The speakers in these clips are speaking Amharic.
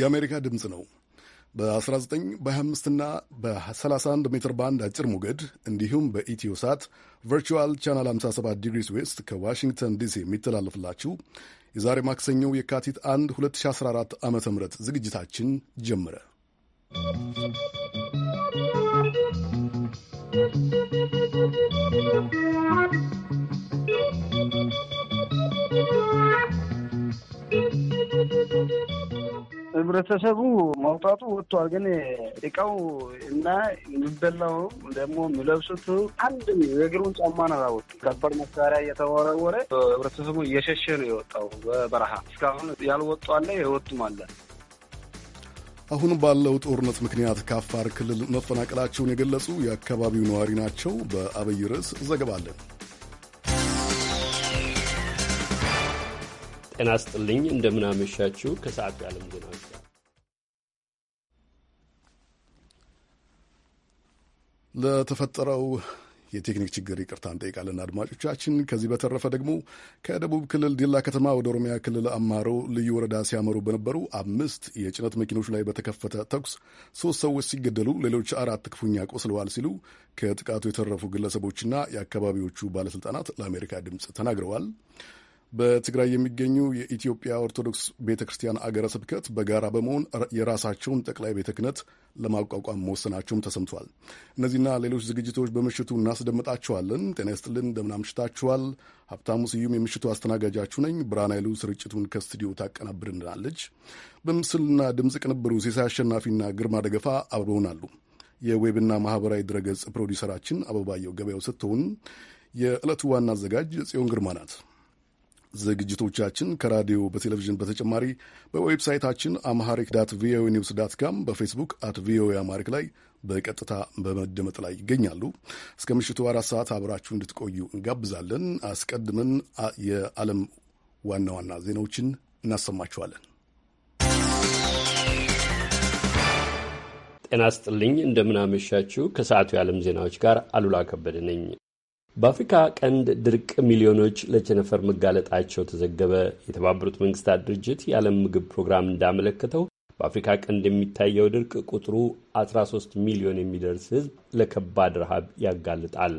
የአሜሪካ ድምፅ ነው። በ19 በ25 እና በ31 ሜትር ባንድ አጭር ሞገድ እንዲሁም በኢትዮ ሳት ቨርቹዋል ቻናል 57 ዲግሪስ ዌስት ከዋሽንግተን ዲሲ የሚተላለፍላችሁ የዛሬ ማክሰኞው የካቲት 1 2014 ዓ ም ዝግጅታችን ጀምረ ህብረተሰቡ መውጣቱ ወጥቷል። ግን እቃው እና የሚበላው ደግሞ የሚለብሱት አንድ የእግሩን ጫማ ነው ያወጡ። ከባድ መሳሪያ እየተወረወረ ህብረተሰቡ እየሸሸ ነው የወጣው በበረሃ። እስካሁን ያልወጡ አለ፣ የወጡም አለ። አሁን ባለው ጦርነት ምክንያት ከአፋር ክልል መፈናቀላቸውን የገለጹ የአካባቢው ነዋሪ ናቸው። በአብይ ርዕስ ዘገባለን። ጤና ስጥልኝ እንደምናመሻችሁ ከሰዓቱ የዓለም ዜናዎች ለተፈጠረው የቴክኒክ ችግር ይቅርታ እንጠይቃለን አድማጮቻችን። ከዚህ በተረፈ ደግሞ ከደቡብ ክልል ዲላ ከተማ ወደ ኦሮሚያ ክልል አማሮ ልዩ ወረዳ ሲያመሩ በነበሩ አምስት የጭነት መኪኖች ላይ በተከፈተ ተኩስ ሶስት ሰዎች ሲገደሉ ሌሎች አራት ክፉኛ ቆስለዋል ሲሉ ከጥቃቱ የተረፉ ግለሰቦችና የአካባቢዎቹ ባለስልጣናት ለአሜሪካ ድምፅ ተናግረዋል። በትግራይ የሚገኙ የኢትዮጵያ ኦርቶዶክስ ቤተ ክርስቲያን አገረ ስብከት በጋራ በመሆን የራሳቸውን ጠቅላይ ቤተ ክህነት ለማቋቋም መወሰናቸውም ተሰምቷል። እነዚህና ሌሎች ዝግጅቶች በምሽቱ እናስደምጣችኋለን። ጤና ይስጥልን፣ እንደምናምሽታችኋል። ሀብታሙ ስዩም የምሽቱ አስተናጋጃችሁ ነኝ። ብርሃን ኃይሉ ስርጭቱን ከስቱዲዮ ታቀናብርናለች። በምስልና ድምፅ ቅንብሩ ሴሳ አሸናፊና ግርማ ደገፋ አብረውናሉ። የዌብና ማህበራዊ ድረገጽ ፕሮዲውሰራችን አበባየው ገበያው ስትሆን የዕለቱ ዋና አዘጋጅ ጽዮን ግርማ ናት። ዝግጅቶቻችን ከራዲዮ በቴሌቪዥን በተጨማሪ በዌብሳይታችን አምሃሪክ ዳት ቪኦኤ ኒውስ ዳት ካም በፌስቡክ አት ቪኦኤ አማሪክ ላይ በቀጥታ በመደመጥ ላይ ይገኛሉ። እስከ ምሽቱ አራት ሰዓት አብራችሁ እንድትቆዩ እንጋብዛለን። አስቀድመን የዓለም ዋና ዋና ዜናዎችን እናሰማችኋለን። ጤና ስጥልኝ፣ እንደምናመሻችሁ። ከሰዓቱ የዓለም ዜናዎች ጋር አሉላ ከበደ ነኝ። በአፍሪካ ቀንድ ድርቅ ሚሊዮኖች ለቸነፈር መጋለጣቸው ተዘገበ። የተባበሩት መንግስታት ድርጅት የዓለም ምግብ ፕሮግራም እንዳመለከተው በአፍሪካ ቀንድ የሚታየው ድርቅ ቁጥሩ 13 ሚሊዮን የሚደርስ ህዝብ ለከባድ ረሃብ ያጋልጣል።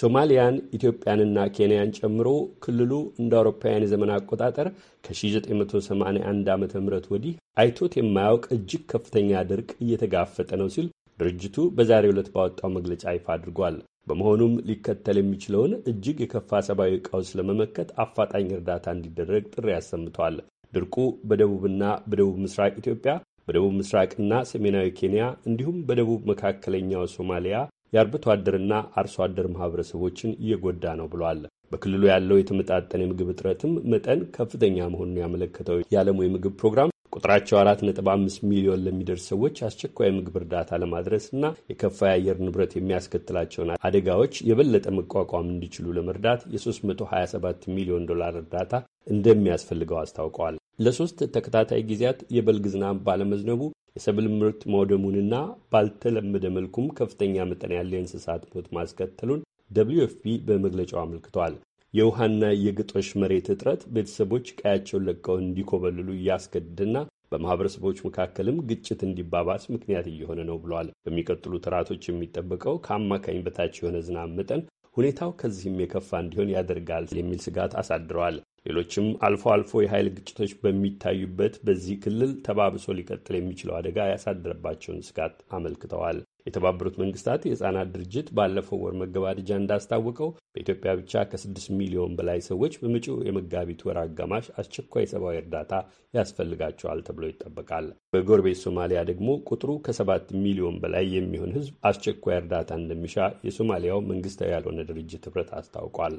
ሶማሊያን፣ ኢትዮጵያንና ኬንያን ጨምሮ ክልሉ እንደ አውሮፓውያን የዘመን አቆጣጠር ከ1981 ዓ ም ወዲህ አይቶት የማያውቅ እጅግ ከፍተኛ ድርቅ እየተጋፈጠ ነው ሲል ድርጅቱ በዛሬ ዕለት ባወጣው መግለጫ ይፋ አድርጓል። በመሆኑም ሊከተል የሚችለውን እጅግ የከፋ ሰብአዊ ቀውስ ለመመከት አፋጣኝ እርዳታ እንዲደረግ ጥሪ አሰምተዋል። ድርቁ በደቡብና በደቡብ ምስራቅ ኢትዮጵያ፣ በደቡብ ምስራቅና ሰሜናዊ ኬንያ እንዲሁም በደቡብ መካከለኛው ሶማሊያ የአርብቶ አደርና አርሶ አደር ማህበረሰቦችን እየጎዳ ነው ብሏል። በክልሉ ያለው የተመጣጠነ የምግብ እጥረትም መጠን ከፍተኛ መሆኑን ያመለከተው የዓለሙ የምግብ ፕሮግራም ቁጥራቸው 4.5 ሚሊዮን ለሚደርስ ሰዎች አስቸኳይ ምግብ እርዳታ ለማድረስ እና የከፋ የአየር ንብረት የሚያስከትላቸውን አደጋዎች የበለጠ መቋቋም እንዲችሉ ለመርዳት የ327 ሚሊዮን ዶላር እርዳታ እንደሚያስፈልገው አስታውቀዋል። ለሶስት ተከታታይ ጊዜያት የበልግ ዝናብ ባለመዝነቡ የሰብል ምርት መውደሙንና ባልተለመደ መልኩም ከፍተኛ መጠን ያለ የእንስሳት ሞት ማስከተሉን ደብሊዩ ኤፍ ፒ በመግለጫው አመልክቷል። የውሃና የግጦሽ መሬት እጥረት ቤተሰቦች ቀያቸውን ለቀው እንዲኮበልሉ እያስገድድና በማህበረሰቦች መካከልም ግጭት እንዲባባስ ምክንያት እየሆነ ነው ብሏል። በሚቀጥሉት ወራቶች የሚጠበቀው ከአማካኝ በታች የሆነ ዝናብ መጠን ሁኔታው ከዚህም የከፋ እንዲሆን ያደርጋል የሚል ስጋት አሳድረዋል። ሌሎችም አልፎ አልፎ የኃይል ግጭቶች በሚታዩበት በዚህ ክልል ተባብሶ ሊቀጥል የሚችለው አደጋ ያሳደረባቸውን ስጋት አመልክተዋል። የተባበሩት መንግስታት የሕፃናት ድርጅት ባለፈው ወር መገባደጃ እንዳስታወቀው በኢትዮጵያ ብቻ ከ6 ሚሊዮን በላይ ሰዎች በመጪው የመጋቢት ወር አጋማሽ አስቸኳይ ሰብአዊ እርዳታ ያስፈልጋቸዋል ተብሎ ይጠበቃል። በጎረቤት ሶማሊያ ደግሞ ቁጥሩ ከ7 ሚሊዮን በላይ የሚሆን ሕዝብ አስቸኳይ እርዳታ እንደሚሻ የሶማሊያው መንግስታዊ ያልሆነ ድርጅት ኅብረት አስታውቋል።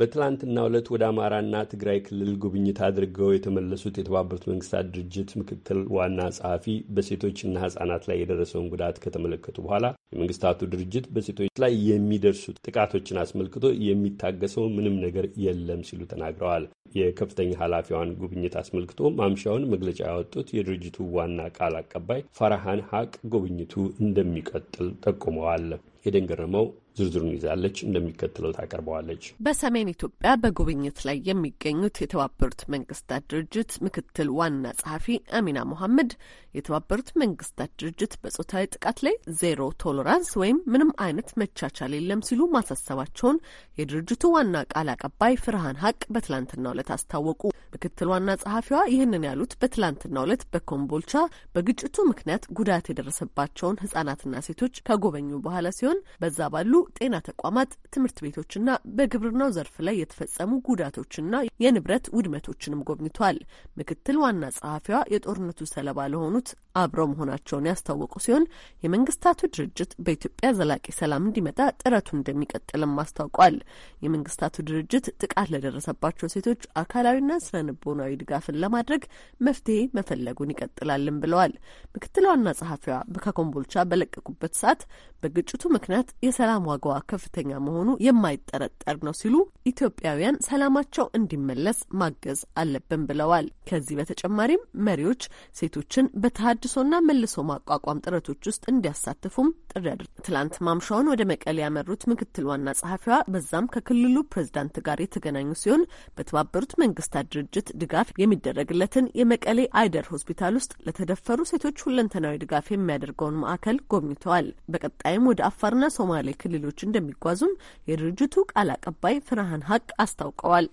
በትላንትናው ዕለት ወደ አማራና ትግራይ ክልል ጉብኝት አድርገው የተመለሱት የተባበሩት መንግስታት ድርጅት ምክትል ዋና ጸሐፊ በሴቶችና ህጻናት ላይ የደረሰውን ጉዳት ከተመለከቱ በኋላ የመንግስታቱ ድርጅት በሴቶች ላይ የሚደርሱት ጥቃቶችን አስመልክቶ የሚታገሰው ምንም ነገር የለም ሲሉ ተናግረዋል። የከፍተኛ ኃላፊዋን ጉብኝት አስመልክቶ ማምሻውን መግለጫ ያወጡት የድርጅቱ ዋና ቃል አቀባይ ፈረሃን ሀቅ ጉብኝቱ እንደሚቀጥል ጠቁመዋል። የደንገረመው ዝርዝሩን ይዛለች፣ እንደሚከተለው ታቀርበዋለች። በሰሜን ኢትዮጵያ በጉብኝት ላይ የሚገኙት የተባበሩት መንግስታት ድርጅት ምክትል ዋና ጸሐፊ አሚና ሞሐመድ የተባበሩት መንግስታት ድርጅት በጾታዊ ጥቃት ላይ ዜሮ ቶሎራንስ ወይም ምንም አይነት መቻቻል የለም ሲሉ ማሳሰባቸውን የድርጅቱ ዋና ቃል አቀባይ ፍርሃን ሀቅ በትላንትና ዕለት አስታወቁ። ምክትል ዋና ጸሐፊዋ ይህንን ያሉት በትላንትና ዕለት በኮምቦልቻ በግጭቱ ምክንያት ጉዳት የደረሰባቸውን ህጻናትና ሴቶች ከጎበኙ በኋላ ሲሆን በዛ ባሉ ጤና ተቋማት፣ ትምህርት ቤቶችና በግብርናው ዘርፍ ላይ የተፈጸሙ ጉዳቶችና የንብረት ውድመቶችንም ጎብኝቷል። ምክትል ዋና ጸሐፊዋ የጦርነቱ ሰለባ ለሆኑት የሚያደርጉት አብሮ መሆናቸውን ያስታወቁ ሲሆን የመንግስታቱ ድርጅት በኢትዮጵያ ዘላቂ ሰላም እንዲመጣ ጥረቱ እንደሚቀጥልም አስታውቋል። የመንግስታቱ ድርጅት ጥቃት ለደረሰባቸው ሴቶች አካላዊና ስነ ልቦናዊ ድጋፍን ለማድረግ መፍትሄ መፈለጉን ይቀጥላልን ብለዋል። ምክትል ዋና ጸሐፊዋ ከኮምቦልቻ በለቀቁበት ሰዓት በግጭቱ ምክንያት የሰላም ዋጋዋ ከፍተኛ መሆኑ የማይጠረጠር ነው ሲሉ ኢትዮጵያውያን ሰላማቸው እንዲመለስ ማገዝ አለብን ብለዋል። ከዚህ በተጨማሪም መሪዎች ሴቶችን በ ተሀድሶና መልሶ ማቋቋም ጥረቶች ውስጥ እንዲያሳትፉም ጥሪ አድርገዋል። ትላንት ማምሻውን ወደ መቀሌ ያመሩት ምክትል ዋና ጸሐፊዋ በዛም ከክልሉ ፕሬዝዳንት ጋር የተገናኙ ሲሆን በተባበሩት መንግስታት ድርጅት ድጋፍ የሚደረግለትን የመቀሌ አይደር ሆስፒታል ውስጥ ለተደፈሩ ሴቶች ሁለንተናዊ ድጋፍ የሚያደርገውን ማዕከል ጎብኝተዋል። በቀጣይም ወደ አፋርና ሶማሌ ክልሎች እንደሚጓዙም የድርጅቱ ቃል አቀባይ ፍርሃን ሀቅ አስታውቀዋል።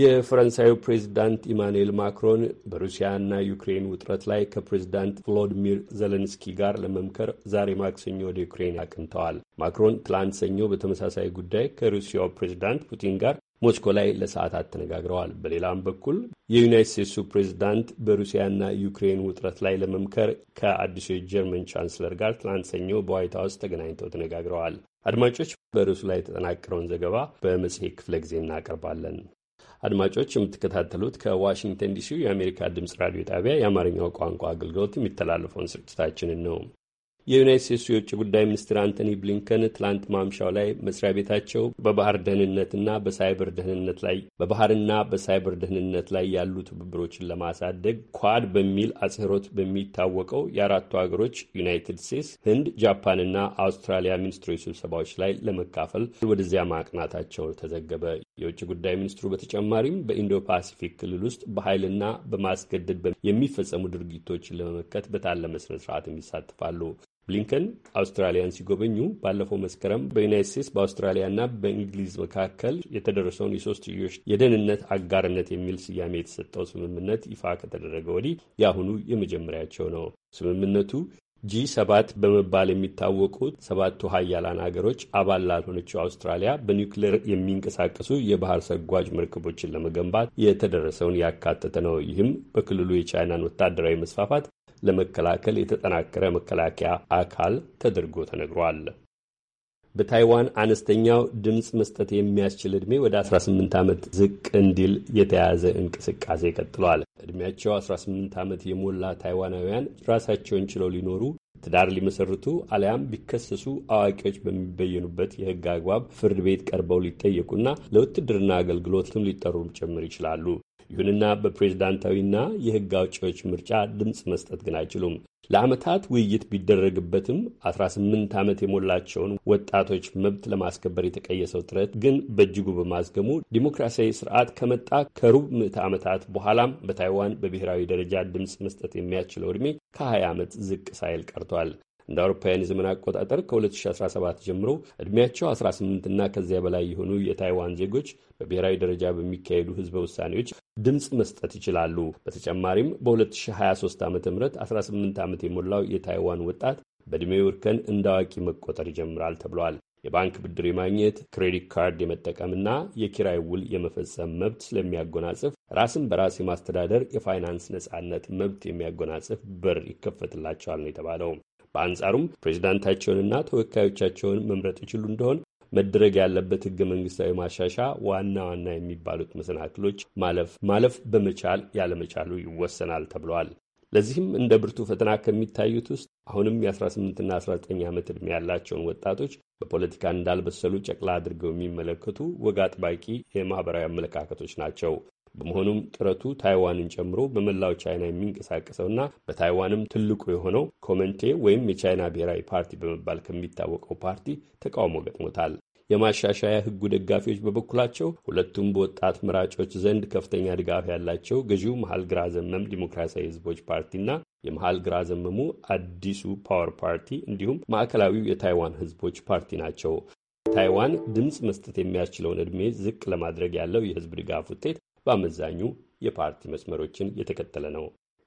የፈረንሳዩ ፕሬዚዳንት ኢማኑኤል ማክሮን በሩሲያና ዩክሬን ውጥረት ላይ ከፕሬዚዳንት ቮሎዲሚር ዘለንስኪ ጋር ለመምከር ዛሬ ማክሰኞ ወደ ዩክሬን አቅንተዋል። ማክሮን ትላንት ሰኞ በተመሳሳይ ጉዳይ ከሩሲያው ፕሬዚዳንት ፑቲን ጋር ሞስኮ ላይ ለሰዓታት ተነጋግረዋል። በሌላም በኩል የዩናይት ስቴትሱ ፕሬዚዳንት በሩሲያና ዩክሬን ውጥረት ላይ ለመምከር ከአዲሱ የጀርመን ቻንስለር ጋር ትላንት ሰኞ በዋይት ሀውስ ተገናኝተው ተነጋግረዋል። አድማጮች፣ በርዕሱ ላይ የተጠናቀረውን ዘገባ በመጽሔት ክፍለ ጊዜ እናቀርባለን። አድማጮች የምትከታተሉት ከዋሽንግተን ዲሲ የአሜሪካ ድምፅ ራዲዮ ጣቢያ የአማርኛው ቋንቋ አገልግሎት የሚተላለፈውን ስርጭታችንን ነው። የዩናይት ስቴትስ የውጭ ጉዳይ ሚኒስትር አንቶኒ ብሊንከን ትላንት ማምሻው ላይ መስሪያ ቤታቸው በባህር ደህንነትና በሳይበር ደህንነት ላይ በባህርና በሳይበር ደህንነት ላይ ያሉ ትብብሮችን ለማሳደግ ኳድ በሚል አጽህሮት በሚታወቀው የአራቱ ሀገሮች ዩናይትድ ስቴትስ፣ ህንድ፣ ጃፓንና አውስትራሊያ ሚኒስትሮች ስብሰባዎች ላይ ለመካፈል ወደዚያ ማቅናታቸው ተዘገበ። የውጭ ጉዳይ ሚኒስትሩ በተጨማሪም በኢንዶ ፓሲፊክ ክልል ውስጥ በኃይልና በማስገደድ የሚፈጸሙ ድርጊቶችን ለመመከት በታለመ ስነስርዓትም ይሳተፋሉ። ብሊንከን አውስትራሊያን ሲጎበኙ ባለፈው መስከረም በዩናይት ስቴትስ በአውስትራሊያና በእንግሊዝ መካከል የተደረሰውን የሶስትዮሽ የደህንነት አጋርነት የሚል ስያሜ የተሰጠው ስምምነት ይፋ ከተደረገ ወዲህ የአሁኑ የመጀመሪያቸው ነው። ስምምነቱ ጂ ሰባት በመባል የሚታወቁት ሰባቱ ሀያላን ሀገሮች አባል ላልሆነችው አውስትራሊያ በኒውክሌር የሚንቀሳቀሱ የባህር ሰጓጅ መርከቦችን ለመገንባት የተደረሰውን ያካተተ ነው። ይህም በክልሉ የቻይናን ወታደራዊ መስፋፋት ለመከላከል የተጠናከረ መከላከያ አካል ተደርጎ ተነግሯል። በታይዋን አነስተኛው ድምፅ መስጠት የሚያስችል ዕድሜ ወደ 18 ዓመት ዝቅ እንዲል የተያዘ እንቅስቃሴ ቀጥሏል። ዕድሜያቸው 18 ዓመት የሞላ ታይዋናውያን ራሳቸውን ችለው ሊኖሩ ትዳር ሊመሰርቱ አሊያም ቢከሰሱ አዋቂዎች በሚበየኑበት የሕግ አግባብ ፍርድ ቤት ቀርበው ሊጠየቁና ለውትድርና አገልግሎትም ሊጠሩ ጭምር ይችላሉ። ይሁንና በፕሬዝዳንታዊና የህግ አውጪዎች ምርጫ ድምፅ መስጠት ግን አይችሉም። ለዓመታት ውይይት ቢደረግበትም 18 ዓመት የሞላቸውን ወጣቶች መብት ለማስከበር የተቀየሰው ጥረት ግን በእጅጉ በማዝገሙ ዲሞክራሲያዊ ስርዓት ከመጣ ከሩብ ምዕተ ዓመታት በኋላም በታይዋን በብሔራዊ ደረጃ ድምፅ መስጠት የሚያስችለው ዕድሜ ከ20 ዓመት ዝቅ ሳይል ቀርቷል። እንደ አውሮፓውያን የዘመን አቆጣጠር ከ2017 ጀምሮ ዕድሜያቸው 18 እና ከዚያ በላይ የሆኑ የታይዋን ዜጎች በብሔራዊ ደረጃ በሚካሄዱ ህዝበ ውሳኔዎች ድምፅ መስጠት ይችላሉ። በተጨማሪም በ2023 ዓ ም 18 ዓመት የሞላው የታይዋን ወጣት በዕድሜው እርከን እንደ አዋቂ መቆጠር ይጀምራል ተብሏል። የባንክ ብድር የማግኘት ክሬዲት ካርድ የመጠቀምና የኪራይ ውል የመፈጸም መብት ስለሚያጎናጽፍ ራስን በራስ የማስተዳደር የፋይናንስ ነጻነት መብት የሚያጎናጽፍ በር ይከፈትላቸዋል ነው የተባለው። በአንጻሩም ፕሬዚዳንታቸውንና ተወካዮቻቸውን መምረጥ ይችሉ እንደሆን መደረግ ያለበት ህገ መንግስታዊ ማሻሻ ዋና ዋና የሚባሉት መሰናክሎች ማለፍ ማለፍ በመቻል ያለመቻሉ ይወሰናል ተብሏል። ለዚህም እንደ ብርቱ ፈተና ከሚታዩት ውስጥ አሁንም የ18ና 19 ዓመት ዕድሜ ያላቸውን ወጣቶች በፖለቲካ እንዳልበሰሉ ጨቅላ አድርገው የሚመለከቱ ወግ አጥባቂ የማኅበራዊ አመለካከቶች ናቸው። በመሆኑም ጥረቱ ታይዋንን ጨምሮ በመላው ቻይና የሚንቀሳቀሰውና በታይዋንም ትልቁ የሆነው ኮመንቴ ወይም የቻይና ብሔራዊ ፓርቲ በመባል ከሚታወቀው ፓርቲ ተቃውሞ ገጥሞታል። የማሻሻያ ሕጉ ደጋፊዎች በበኩላቸው ሁለቱም በወጣት መራጮች ዘንድ ከፍተኛ ድጋፍ ያላቸው ገዢው መሀል ግራ ዘመም ዲሞክራሲያዊ ሕዝቦች ፓርቲና የመሀል ግራ ዘመሙ አዲሱ ፓወር ፓርቲ እንዲሁም ማዕከላዊው የታይዋን ሕዝቦች ፓርቲ ናቸው። ታይዋን ድምፅ መስጠት የሚያስችለውን ዕድሜ ዝቅ ለማድረግ ያለው የሕዝብ ድጋፍ ውጤት በአመዛኙ የፓርቲ መስመሮችን የተከተለ ነው።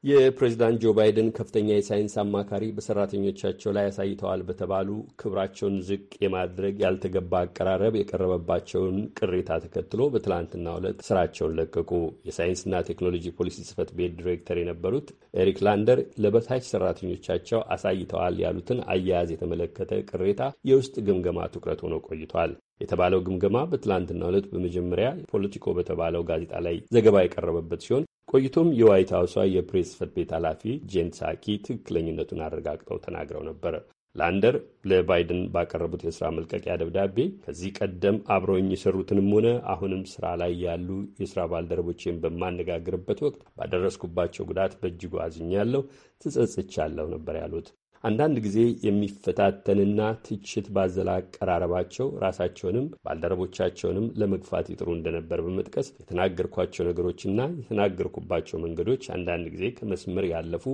የፕሬዚዳንት ጆ ባይደን ከፍተኛ የሳይንስ አማካሪ በሰራተኞቻቸው ላይ አሳይተዋል በተባሉ ክብራቸውን ዝቅ የማድረግ ያልተገባ አቀራረብ የቀረበባቸውን ቅሬታ ተከትሎ በትላንትናው ዕለት ስራቸውን ለቀቁ። የሳይንስና ቴክኖሎጂ ፖሊሲ ጽህፈት ቤት ዲሬክተር የነበሩት ኤሪክ ላንደር ለበታች ሰራተኞቻቸው አሳይተዋል ያሉትን አያያዝ የተመለከተ ቅሬታ የውስጥ ግምገማ ትኩረት ሆኖ ቆይቷል። የተባለው ግምገማ በትላንትናው ዕለት በመጀመሪያ ፖለቲኮ በተባለው ጋዜጣ ላይ ዘገባ የቀረበበት ሲሆን ቆይቶም የዋይት ሀውሷ የፕሬስ ጽሕፈት ቤት ኃላፊ ጄን ሳኪ ትክክለኝነቱን አረጋግጠው ተናግረው ነበር። ላንደር ለባይደን ባቀረቡት የስራ መልቀቂያ ደብዳቤ ከዚህ ቀደም አብረውኝ የሰሩትንም ሆነ አሁንም ስራ ላይ ያሉ የስራ ባልደረቦችን በማነጋግርበት ወቅት ባደረስኩባቸው ጉዳት በእጅጉ አዝኛለሁ፣ ትጸጽቻለሁ ነበር ያሉት። አንዳንድ ጊዜ የሚፈታተንና ትችት ባዘላ አቀራረባቸው ራሳቸውንም ባልደረቦቻቸውንም ለመግፋት ይጥሩ እንደነበር በመጥቀስ የተናገርኳቸው ነገሮችና የተናገርኩባቸው መንገዶች አንዳንድ ጊዜ ከመስመር ያለፉ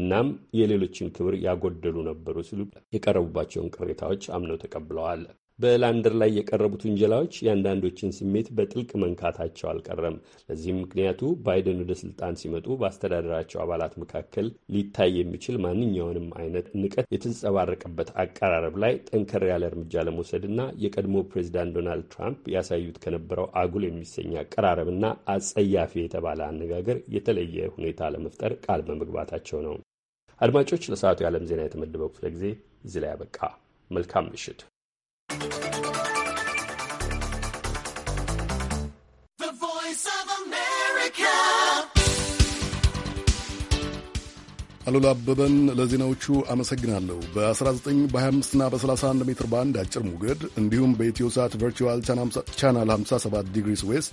እናም የሌሎችን ክብር ያጎደሉ ነበሩ ሲሉ የቀረቡባቸውን ቅሬታዎች አምነው ተቀብለዋል። በላንደር ላይ የቀረቡት ውንጀላዎች የአንዳንዶችን ስሜት በጥልቅ መንካታቸው አልቀረም። ለዚህም ምክንያቱ ባይደን ወደ ስልጣን ሲመጡ በአስተዳደራቸው አባላት መካከል ሊታይ የሚችል ማንኛውንም አይነት ንቀት የተንጸባረቀበት አቀራረብ ላይ ጠንከር ያለ እርምጃ ለመውሰድና የቀድሞ ፕሬዚዳንት ዶናልድ ትራምፕ ያሳዩት ከነበረው አጉል የሚሰኝ አቀራረብና አጸያፊ የተባለ አነጋገር የተለየ ሁኔታ ለመፍጠር ቃል በመግባታቸው ነው። አድማጮች፣ ለሰዓቱ የዓለም ዜና የተመደበው ክፍለ ጊዜ እዚህ ላይ ያበቃ። መልካም ምሽት። አሉላ አበበን ለዜናዎቹ አመሰግናለሁ። በ19 በ25ና በ31 ሜትር ባንድ አጭር ሞገድ እንዲሁም ሳት ቨርቹዋል ቻናል 57 ዲግሪስ ዌስት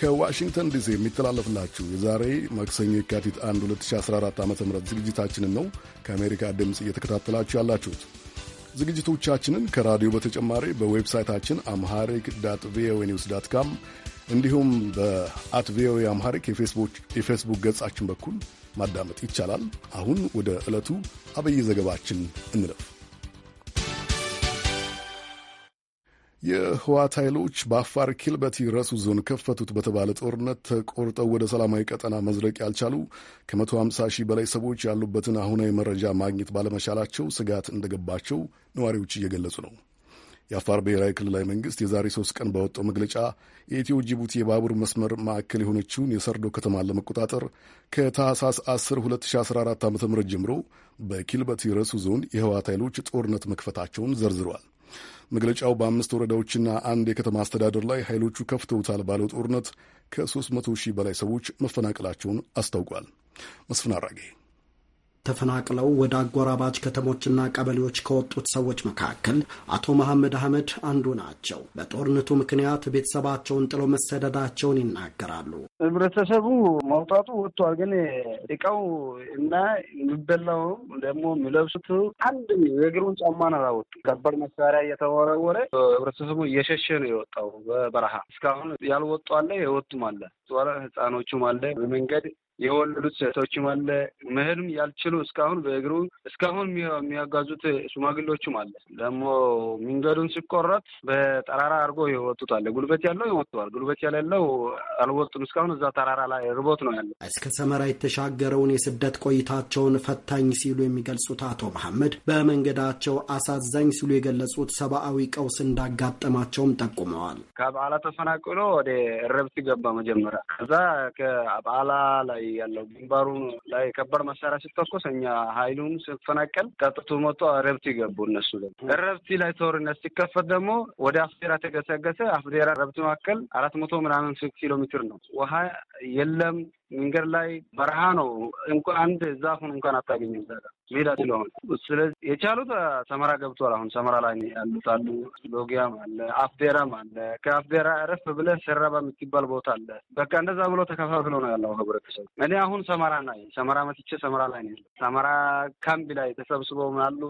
ከዋሽንግተን ዲሲ የሚተላለፍላችሁ የዛሬ ማክሰኞ የካቲት 1 2014 ዓ ም ዝግጅታችንን ነው ከአሜሪካ ድምፅ እየተከታተላችሁ ያላችሁት። ዝግጅቶቻችንን ከራዲዮ በተጨማሪ በዌብሳይታችን አምሃሪክ ዳት ቪኦኤ ኒውስ ዳት ካም እንዲሁም በአት ቪኦኤ አምሃሪክ የፌስቡክ ገጻችን በኩል ማዳመጥ ይቻላል። አሁን ወደ ዕለቱ አበይ ዘገባችን እንለፍ። የህዋት ኃይሎች በአፋር ኪልበቲ ረሱ ዞን ከፈቱት በተባለ ጦርነት ተቆርጠው ወደ ሰላማዊ ቀጠና መዝለቅ ያልቻሉ ከ150 ሺህ በላይ ሰዎች ያሉበትን አሁናዊ መረጃ ማግኘት ባለመቻላቸው ስጋት እንደገባቸው ነዋሪዎች እየገለጹ ነው። የአፋር ብሔራዊ ክልላዊ መንግስት የዛሬ ሶስት ቀን በወጣው መግለጫ የኢትዮ ጅቡቲ የባቡር መስመር ማዕከል የሆነችውን የሰርዶ ከተማን ለመቆጣጠር ከታህሳስ 10 2014 ዓ ም ጀምሮ በኪልበቲ ረሱ ዞን የህዋት ኃይሎች ጦርነት መክፈታቸውን ዘርዝረዋል። መግለጫው በአምስት ወረዳዎችና አንድ የከተማ አስተዳደር ላይ ኃይሎቹ ከፍተውታል ባለው ጦርነት ከ300 ሺህ በላይ ሰዎች መፈናቀላቸውን አስታውቋል። መስፍን አራጌ ተፈናቅለው ወደ አጎራባች ከተሞችና ቀበሌዎች ከወጡት ሰዎች መካከል አቶ መሐመድ አህመድ አንዱ ናቸው። በጦርነቱ ምክንያት ቤተሰባቸውን ጥለው መሰደዳቸውን ይናገራሉ። ህብረተሰቡ መውጣቱ ወጥቷል፣ ግን እቃው እና የሚበላውም ደግሞ የሚለብሱት አንድም የእግሩን ነው አላወጡ። ከባድ መሳሪያ እየተወረወረ ህብረተሰቡ እየሸሸ ነው የወጣው በበረሃ። እስካሁን ያልወጡ አለ የወጡም አለ፣ ህጻኖቹም አለ በመንገድ የወለዱት ሴቶችም አለ። መሄድም ያልችሉ እስካሁን በእግሩ እስካሁን የሚያጋዙት ሽማግሌዎችም አለ። ደግሞ መንገዱን ሲቆረጥ በጠራራ አድርጎ የወጡት አለ። ጉልበት ያለው ይወጥተዋል፣ ጉልበት የሌለው አልወጡም። እስካሁን እዛ ተራራ ላይ ርቦት ነው ያለ። እስከ ሰመራ የተሻገረውን የስደት ቆይታቸውን ፈታኝ ሲሉ የሚገልጹት አቶ መሐመድ በመንገዳቸው አሳዛኝ ሲሉ የገለጹት ሰብአዊ ቀውስ እንዳጋጠማቸውም ጠቁመዋል። ከበዓላ ተፈናቅሎ ወደ ረብት ገባ መጀመሪያ ከዛ ከበዓላ ላይ ያለው ግንባሩ ላይ ከባድ መሳሪያ ሲተኮስ እኛ ሀይሉን ስፈናቀል ቀጥቶ መጥቶ ረብቲ ገቡ። እነሱ ረብቲ ላይ ተወርነት ሲከፈት ደግሞ ወደ አፍዴራ ተገሰገሰ። አፍዴራ ረብቲ መካከል አራት መቶ ምናምን ኪሎ ሜትር ነው። ውሃ የለም መንገድ ላይ በረሃ ነው። እንኳ አንድ ዛፉን እንኳን አታገኝም። ሜዳ ስለሆነ ስለዚህ የቻሉት ሰመራ ገብቷል። አሁን ሰመራ ላይ ያሉት አሉ። ሎጊያም አለ፣ አፍዴራም አለ። ከአፍዴራ ረፍ ብለ ሰራባ የምትባል ቦታ አለ። በቃ እንደዛ ብሎ ተከፋፍሎ ነው ያለው ህብረተሰብ። እኔ አሁን ሰመራ ናይ ሰመራ መትቼ ሰመራ ላይ ነው ያለ። ሰመራ ካምቢ ላይ ተሰብስበው አሉ።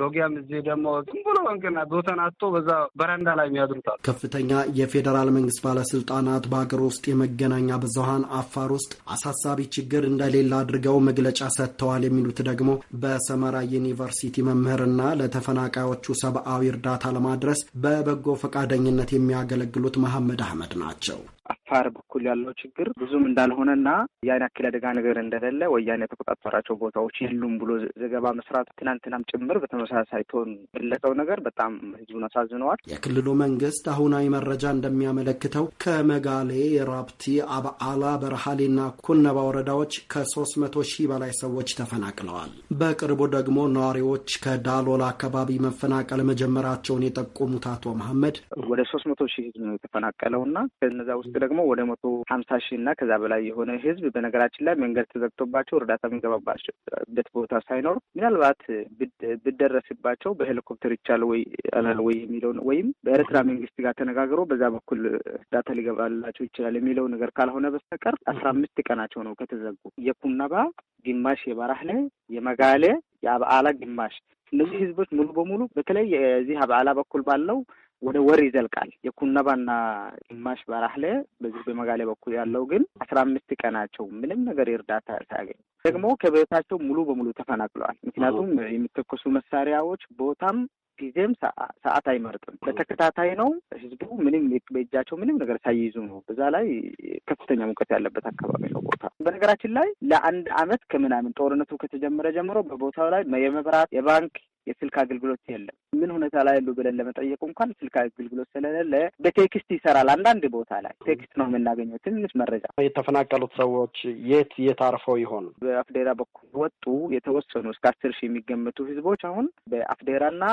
ሎጊያም እዚህ ደግሞ ዝም ብሎ እንቅና ቦታን አቶ በዛ በረንዳ ላይ የሚያድሩታል። ከፍተኛ የፌዴራል መንግስት ባለስልጣናት በሀገር ውስጥ የመገናኛ ብዙሀን አፋር ውስጥ አሳሳቢ ችግር እንደሌለ አድርገው መግለጫ ሰጥተዋል። የሚሉት ደግሞ በሰመራ ዩኒቨርሲቲ መምህርና ለተፈናቃዮቹ ሰብአዊ እርዳታ ለማድረስ በበጎ ፈቃደኝነት የሚያገለግሉት መሐመድ አህመድ ናቸው። አፋር በኩል ያለው ችግር ብዙም እንዳልሆነና ያን ያክል አደጋ ነገር እንደሌለ ወያኔ የተቆጣጠራቸው ቦታዎች የሉም ብሎ ዘገባ መስራት ትናንትናም ጭምር በተመሳሳይ ቶን የገለጸው ነገር በጣም ህዝቡን አሳዝነዋል። የክልሉ መንግስት አሁናዊ መረጃ እንደሚያመለክተው ከመጋሌ፣ ራፕቲ፣ አብዓላ፣ ና ኩነባ ወረዳዎች ከሶስት መቶ ሺህ በላይ ሰዎች ተፈናቅለዋል። በቅርቡ ደግሞ ነዋሪዎች ከዳሎል አካባቢ መፈናቀል መጀመራቸውን የጠቆሙት አቶ መሐመድ ወደ ሶስት መቶ ሺህ ህዝብ ነው የተፈናቀለውና ከነዛ ውስጥ ደግሞ ወደ መቶ ሀምሳ ሺህ እና ከዛ በላይ የሆነ ህዝብ በነገራችን ላይ መንገድ ተዘግቶባቸው እርዳታ የሚገባባቸውበት ቦታ ሳይኖር ምናልባት ብደረስባቸው በሄሊኮፕተር ይቻል ወይ አላል ወይ የሚለውን ወይም በኤርትራ መንግስት ጋር ተነጋግሮ በዛ በኩል እርዳታ ሊገባላቸው ይችላል የሚለው ነገር ካልሆነ በስተቀር አስራ አምስት ቀናቸው ነው ከተዘጉ የኩናባ ግማሽ፣ የባራህለ የመጋሌ፣ የአብዓላ ግማሽ እነዚህ ህዝቦች ሙሉ በሙሉ በተለይ የዚህ አብዓላ በኩል ባለው ወደ ወር ይዘልቃል። የኩነባና ግማሽ በራህለ በዚህ በመጋሌ በኩል ያለው ግን አስራ አምስት ቀናቸው ምንም ነገር እርዳታ ሳያገኝ ደግሞ ከቤታቸው ሙሉ በሙሉ ተፈናቅለዋል። ምክንያቱም የሚተኮሱ መሳሪያዎች ቦታም ጊዜም ሰዓት አይመርጥም። በተከታታይ ነው። ህዝቡ ምንም በእጃቸው ምንም ነገር ሳይይዙ ነው። በዛ ላይ ከፍተኛ ሙቀት ያለበት አካባቢ ነው ቦታ። በነገራችን ላይ ለአንድ አመት ከምናምን ጦርነቱ ከተጀመረ ጀምሮ በቦታው ላይ የመብራት፣ የባንክ፣ የስልክ አገልግሎት የለም። ምን ሁኔታ ላይ ያሉ ብለን ለመጠየቁ እንኳን ስልክ አገልግሎት ስለሌለ በቴክስት ይሰራል። አንዳንድ ቦታ ላይ ቴክስት ነው የምናገኘው ትንሽ መረጃ። የተፈናቀሉት ሰዎች የት የት አርፈው ይሆን? በአፍዴራ በኩል ወጡ የተወሰኑ እስከ አስር ሺህ የሚገመቱ ህዝቦች አሁን በአፍዴራና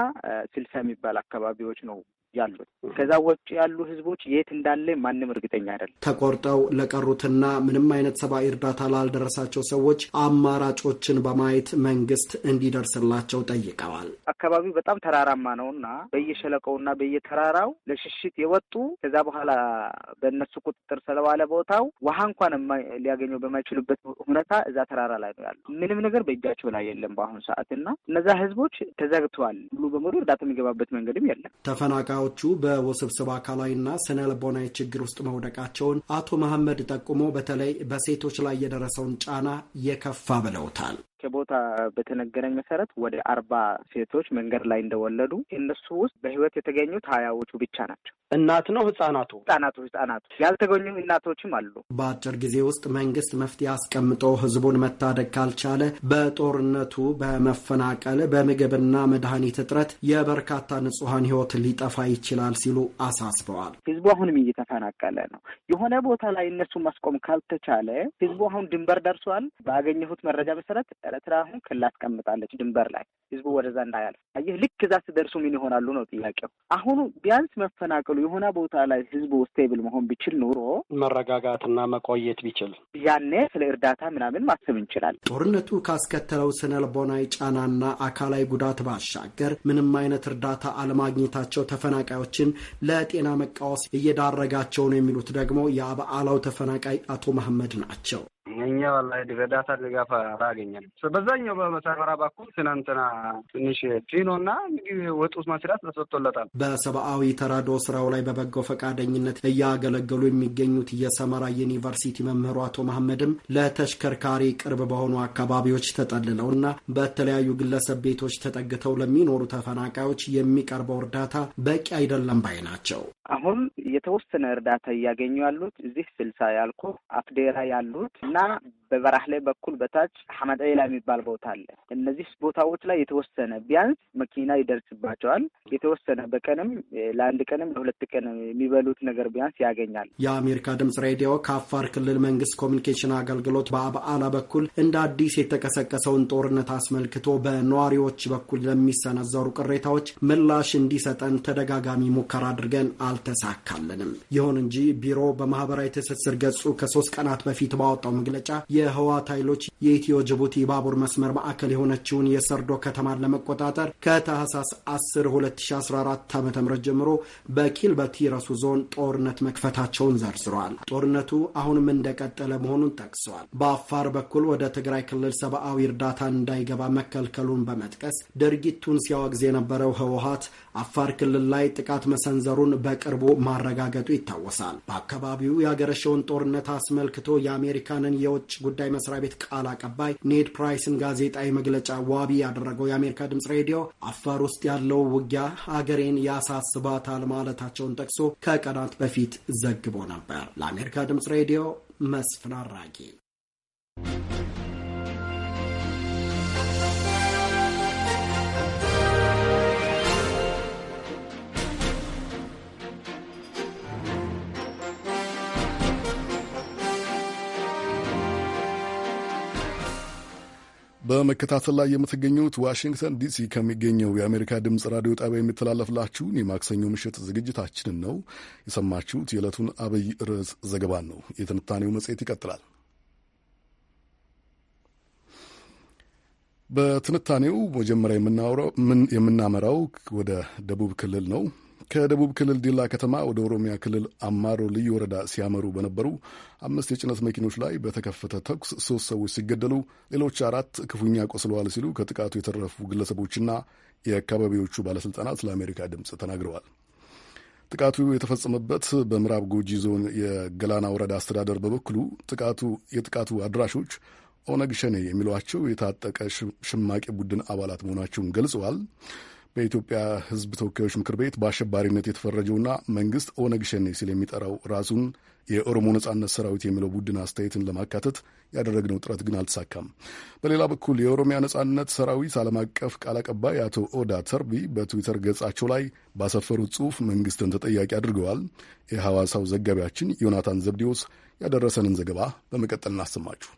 ስልሳ የሚባል አካባቢዎች ነው ያሉት። ከዛ ውጭ ያሉ ህዝቦች የት እንዳለ ማንም እርግጠኛ አይደለም። ተቆርጠው ለቀሩትና ምንም አይነት ሰብአዊ እርዳታ ላልደረሳቸው ሰዎች አማራጮችን በማየት መንግስት እንዲደርስላቸው ጠይቀዋል። አካባቢው በጣም ተራራማ ነው እና በየሸለቆውና በየተራራው ለሽሽት የወጡ ከዛ በኋላ በእነሱ ቁጥጥር ስለዋለ ቦታው ውሃ እንኳን ሊያገኘው በማይችሉበት ሁኔታ እዛ ተራራ ላይ ነው ያሉ። ምንም ነገር በእጃቸው ላይ የለም በአሁኑ ሰዓት እና እነዛ ህዝቦች ተዘግተዋል። ሙሉ በሙሉ እርዳታ የሚገባበት መንገድም የለም። ተፈናቃዮ ተጎጂዎቹ በውስብስብ አካላዊና ስነ ልቦናዊ ችግር ውስጥ መውደቃቸውን አቶ መሐመድ ጠቁሞ በተለይ በሴቶች ላይ የደረሰውን ጫና የከፋ ብለውታል። ከቦታ በተነገረኝ መሰረት ወደ አርባ ሴቶች መንገድ ላይ እንደወለዱ እነሱ ውስጥ በህይወት የተገኙት ሀያዎቹ ብቻ ናቸው። እናት ነው ህጻናቱ ህጻናቱ ህጻናቱ ያልተገኙ እናቶችም አሉ። በአጭር ጊዜ ውስጥ መንግስት መፍትሄ አስቀምጦ ህዝቡን መታደግ ካልቻለ በጦርነቱ፣ በመፈናቀል፣ በምግብና መድኃኒት እጥረት የበርካታ ንጹሐን ህይወት ሊጠፋ ይችላል ሲሉ አሳስበዋል። ህዝቡ አሁንም እየተፈናቀለ ነው። የሆነ ቦታ ላይ እነሱ ማስቆም ካልተቻለ ህዝቡ አሁን ድንበር ደርሷል። ባገኘሁት መረጃ መሰረት ኤርትራ አሁን ክልል አስቀምጣለች ድንበር ላይ ህዝቡ ወደዛ እንዳያልፍ። አየህ ልክ እዛ ስደርሱ ምን ይሆናሉ ነው ጥያቄው። አሁኑ ቢያንስ መፈናቀሉ የሆነ ቦታ ላይ ህዝቡ ስቴብል መሆን ቢችል ኑሮ መረጋጋትና መቆየት ቢችል ያኔ ስለ እርዳታ ምናምን ማሰብ እንችላለን። ጦርነቱ ካስከተለው ስነልቦናዊ ጫናና አካላዊ ጉዳት ባሻገር ምንም አይነት እርዳታ አለማግኘታቸው ተፈናቃዮችን ለጤና መቃወስ እየዳረጋቸው ነው የሚሉት ደግሞ የአበዓላው ተፈናቃይ አቶ መሐመድ ናቸው። እኛ ላይ እርዳታ ድጋፍ አላገኘንም። በዛኛው በሰመራ በኩል ትናንትና ትንሽ ፊኖና ምግብ ወጡት መስሪያ ተሰጥቶለታል። በሰብአዊ ተራዶ ስራው ላይ በበጎ ፈቃደኝነት እያገለገሉ የሚገኙት የሰመራ ዩኒቨርሲቲ መምህሩ አቶ መሐመድም ለተሽከርካሪ ቅርብ በሆኑ አካባቢዎች ተጠልለው ተጠልለውና በተለያዩ ግለሰብ ቤቶች ተጠግተው ለሚኖሩ ተፈናቃዮች የሚቀርበው እርዳታ በቂ አይደለም ባይ ናቸው። አሁን የተወሰነ እርዳታ እያገኙ ያሉት እዚህ ስልሳ ያልኩ አፍዴራ ያሉት not በበራህ ላይ በኩል በታች ሐመድ የሚባል ቦታ አለ። እነዚህ ቦታዎች ላይ የተወሰነ ቢያንስ መኪና ይደርስባቸዋል። የተወሰነ በቀንም ለአንድ ቀንም ለሁለት ቀን የሚበሉት ነገር ቢያንስ ያገኛል። የአሜሪካ ድምጽ ሬዲዮ ከአፋር ክልል መንግስት ኮሚኒኬሽን አገልግሎት በአብዓላ በኩል እንደ አዲስ የተቀሰቀሰውን ጦርነት አስመልክቶ በነዋሪዎች በኩል ለሚሰነዘሩ ቅሬታዎች ምላሽ እንዲሰጠን ተደጋጋሚ ሙከራ አድርገን አልተሳካልንም። ይሁን እንጂ ቢሮ በማህበራዊ ትስስር ገጹ ከሶስት ቀናት በፊት ባወጣው መግለጫ የህወሓት ኃይሎች የኢትዮ ጅቡቲ ባቡር መስመር ማዕከል የሆነችውን የሰርዶ ከተማን ለመቆጣጠር ከታህሳስ 10 2014 ዓ ም ጀምሮ በኪልበቲ ረሱ ዞን ጦርነት መክፈታቸውን ዘርዝረዋል። ጦርነቱ አሁንም እንደቀጠለ መሆኑን ጠቅሰዋል። በአፋር በኩል ወደ ትግራይ ክልል ሰብአዊ እርዳታ እንዳይገባ መከልከሉን በመጥቀስ ድርጊቱን ሲያወግዝ የነበረው ህወሓት አፋር ክልል ላይ ጥቃት መሰንዘሩን በቅርቡ ማረጋገጡ ይታወሳል። በአካባቢው የአገረሸውን ጦርነት አስመልክቶ የአሜሪካንን የውጭ ጉዳይ መስሪያ ቤት ቃል አቀባይ ኔድ ፕራይስን ጋዜጣዊ መግለጫ ዋቢ ያደረገው የአሜሪካ ድምጽ ሬዲዮ አፋር ውስጥ ያለው ውጊያ አገሬን ያሳስባታል ማለታቸውን ጠቅሶ ከቀናት በፊት ዘግቦ ነበር። ለአሜሪካ ድምጽ ሬዲዮ መስፍን አራጌ በመከታተል ላይ የምትገኙት ዋሽንግተን ዲሲ ከሚገኘው የአሜሪካ ድምፅ ራዲዮ ጣቢያ የሚተላለፍላችሁን የማክሰኞ ምሽት ዝግጅታችንን ነው የሰማችሁት። የዕለቱን አብይ ርዕስ ዘገባን ነው። የትንታኔው መጽሔት ይቀጥላል። በትንታኔው መጀመሪያ የምናመራው ወደ ደቡብ ክልል ነው። ከደቡብ ክልል ዲላ ከተማ ወደ ኦሮሚያ ክልል አማሮ ልዩ ወረዳ ሲያመሩ በነበሩ አምስት የጭነት መኪኖች ላይ በተከፈተ ተኩስ ሶስት ሰዎች ሲገደሉ ሌሎች አራት ክፉኛ ቆስለዋል ሲሉ ከጥቃቱ የተረፉ ግለሰቦችና የአካባቢዎቹ ባለስልጣናት ለአሜሪካ ድምፅ ተናግረዋል። ጥቃቱ የተፈጸመበት በምዕራብ ጎጂ ዞን የገላና ወረዳ አስተዳደር በበኩሉ ጥቃቱ የጥቃቱ አድራሾች ኦነግ ሸኔ የሚሏቸው የታጠቀ ሽማቂ ቡድን አባላት መሆናቸውን ገልጸዋል። በኢትዮጵያ ሕዝብ ተወካዮች ምክር ቤት በአሸባሪነት የተፈረጀውና መንግስት ኦነግ ሸኔ ሲል የሚጠራው ራሱን የኦሮሞ ነጻነት ሰራዊት የሚለው ቡድን አስተያየትን ለማካተት ያደረግነው ጥረት ግን አልተሳካም። በሌላ በኩል የኦሮሚያ ነጻነት ሰራዊት ዓለም አቀፍ ቃል አቀባይ አቶ ኦዳ ተርቢ በትዊተር ገጻቸው ላይ ባሰፈሩት ጽሑፍ መንግስትን ተጠያቂ አድርገዋል። የሐዋሳው ዘጋቢያችን ዮናታን ዘብዲዎስ ያደረሰንን ዘገባ በመቀጠል እናሰማችሁ።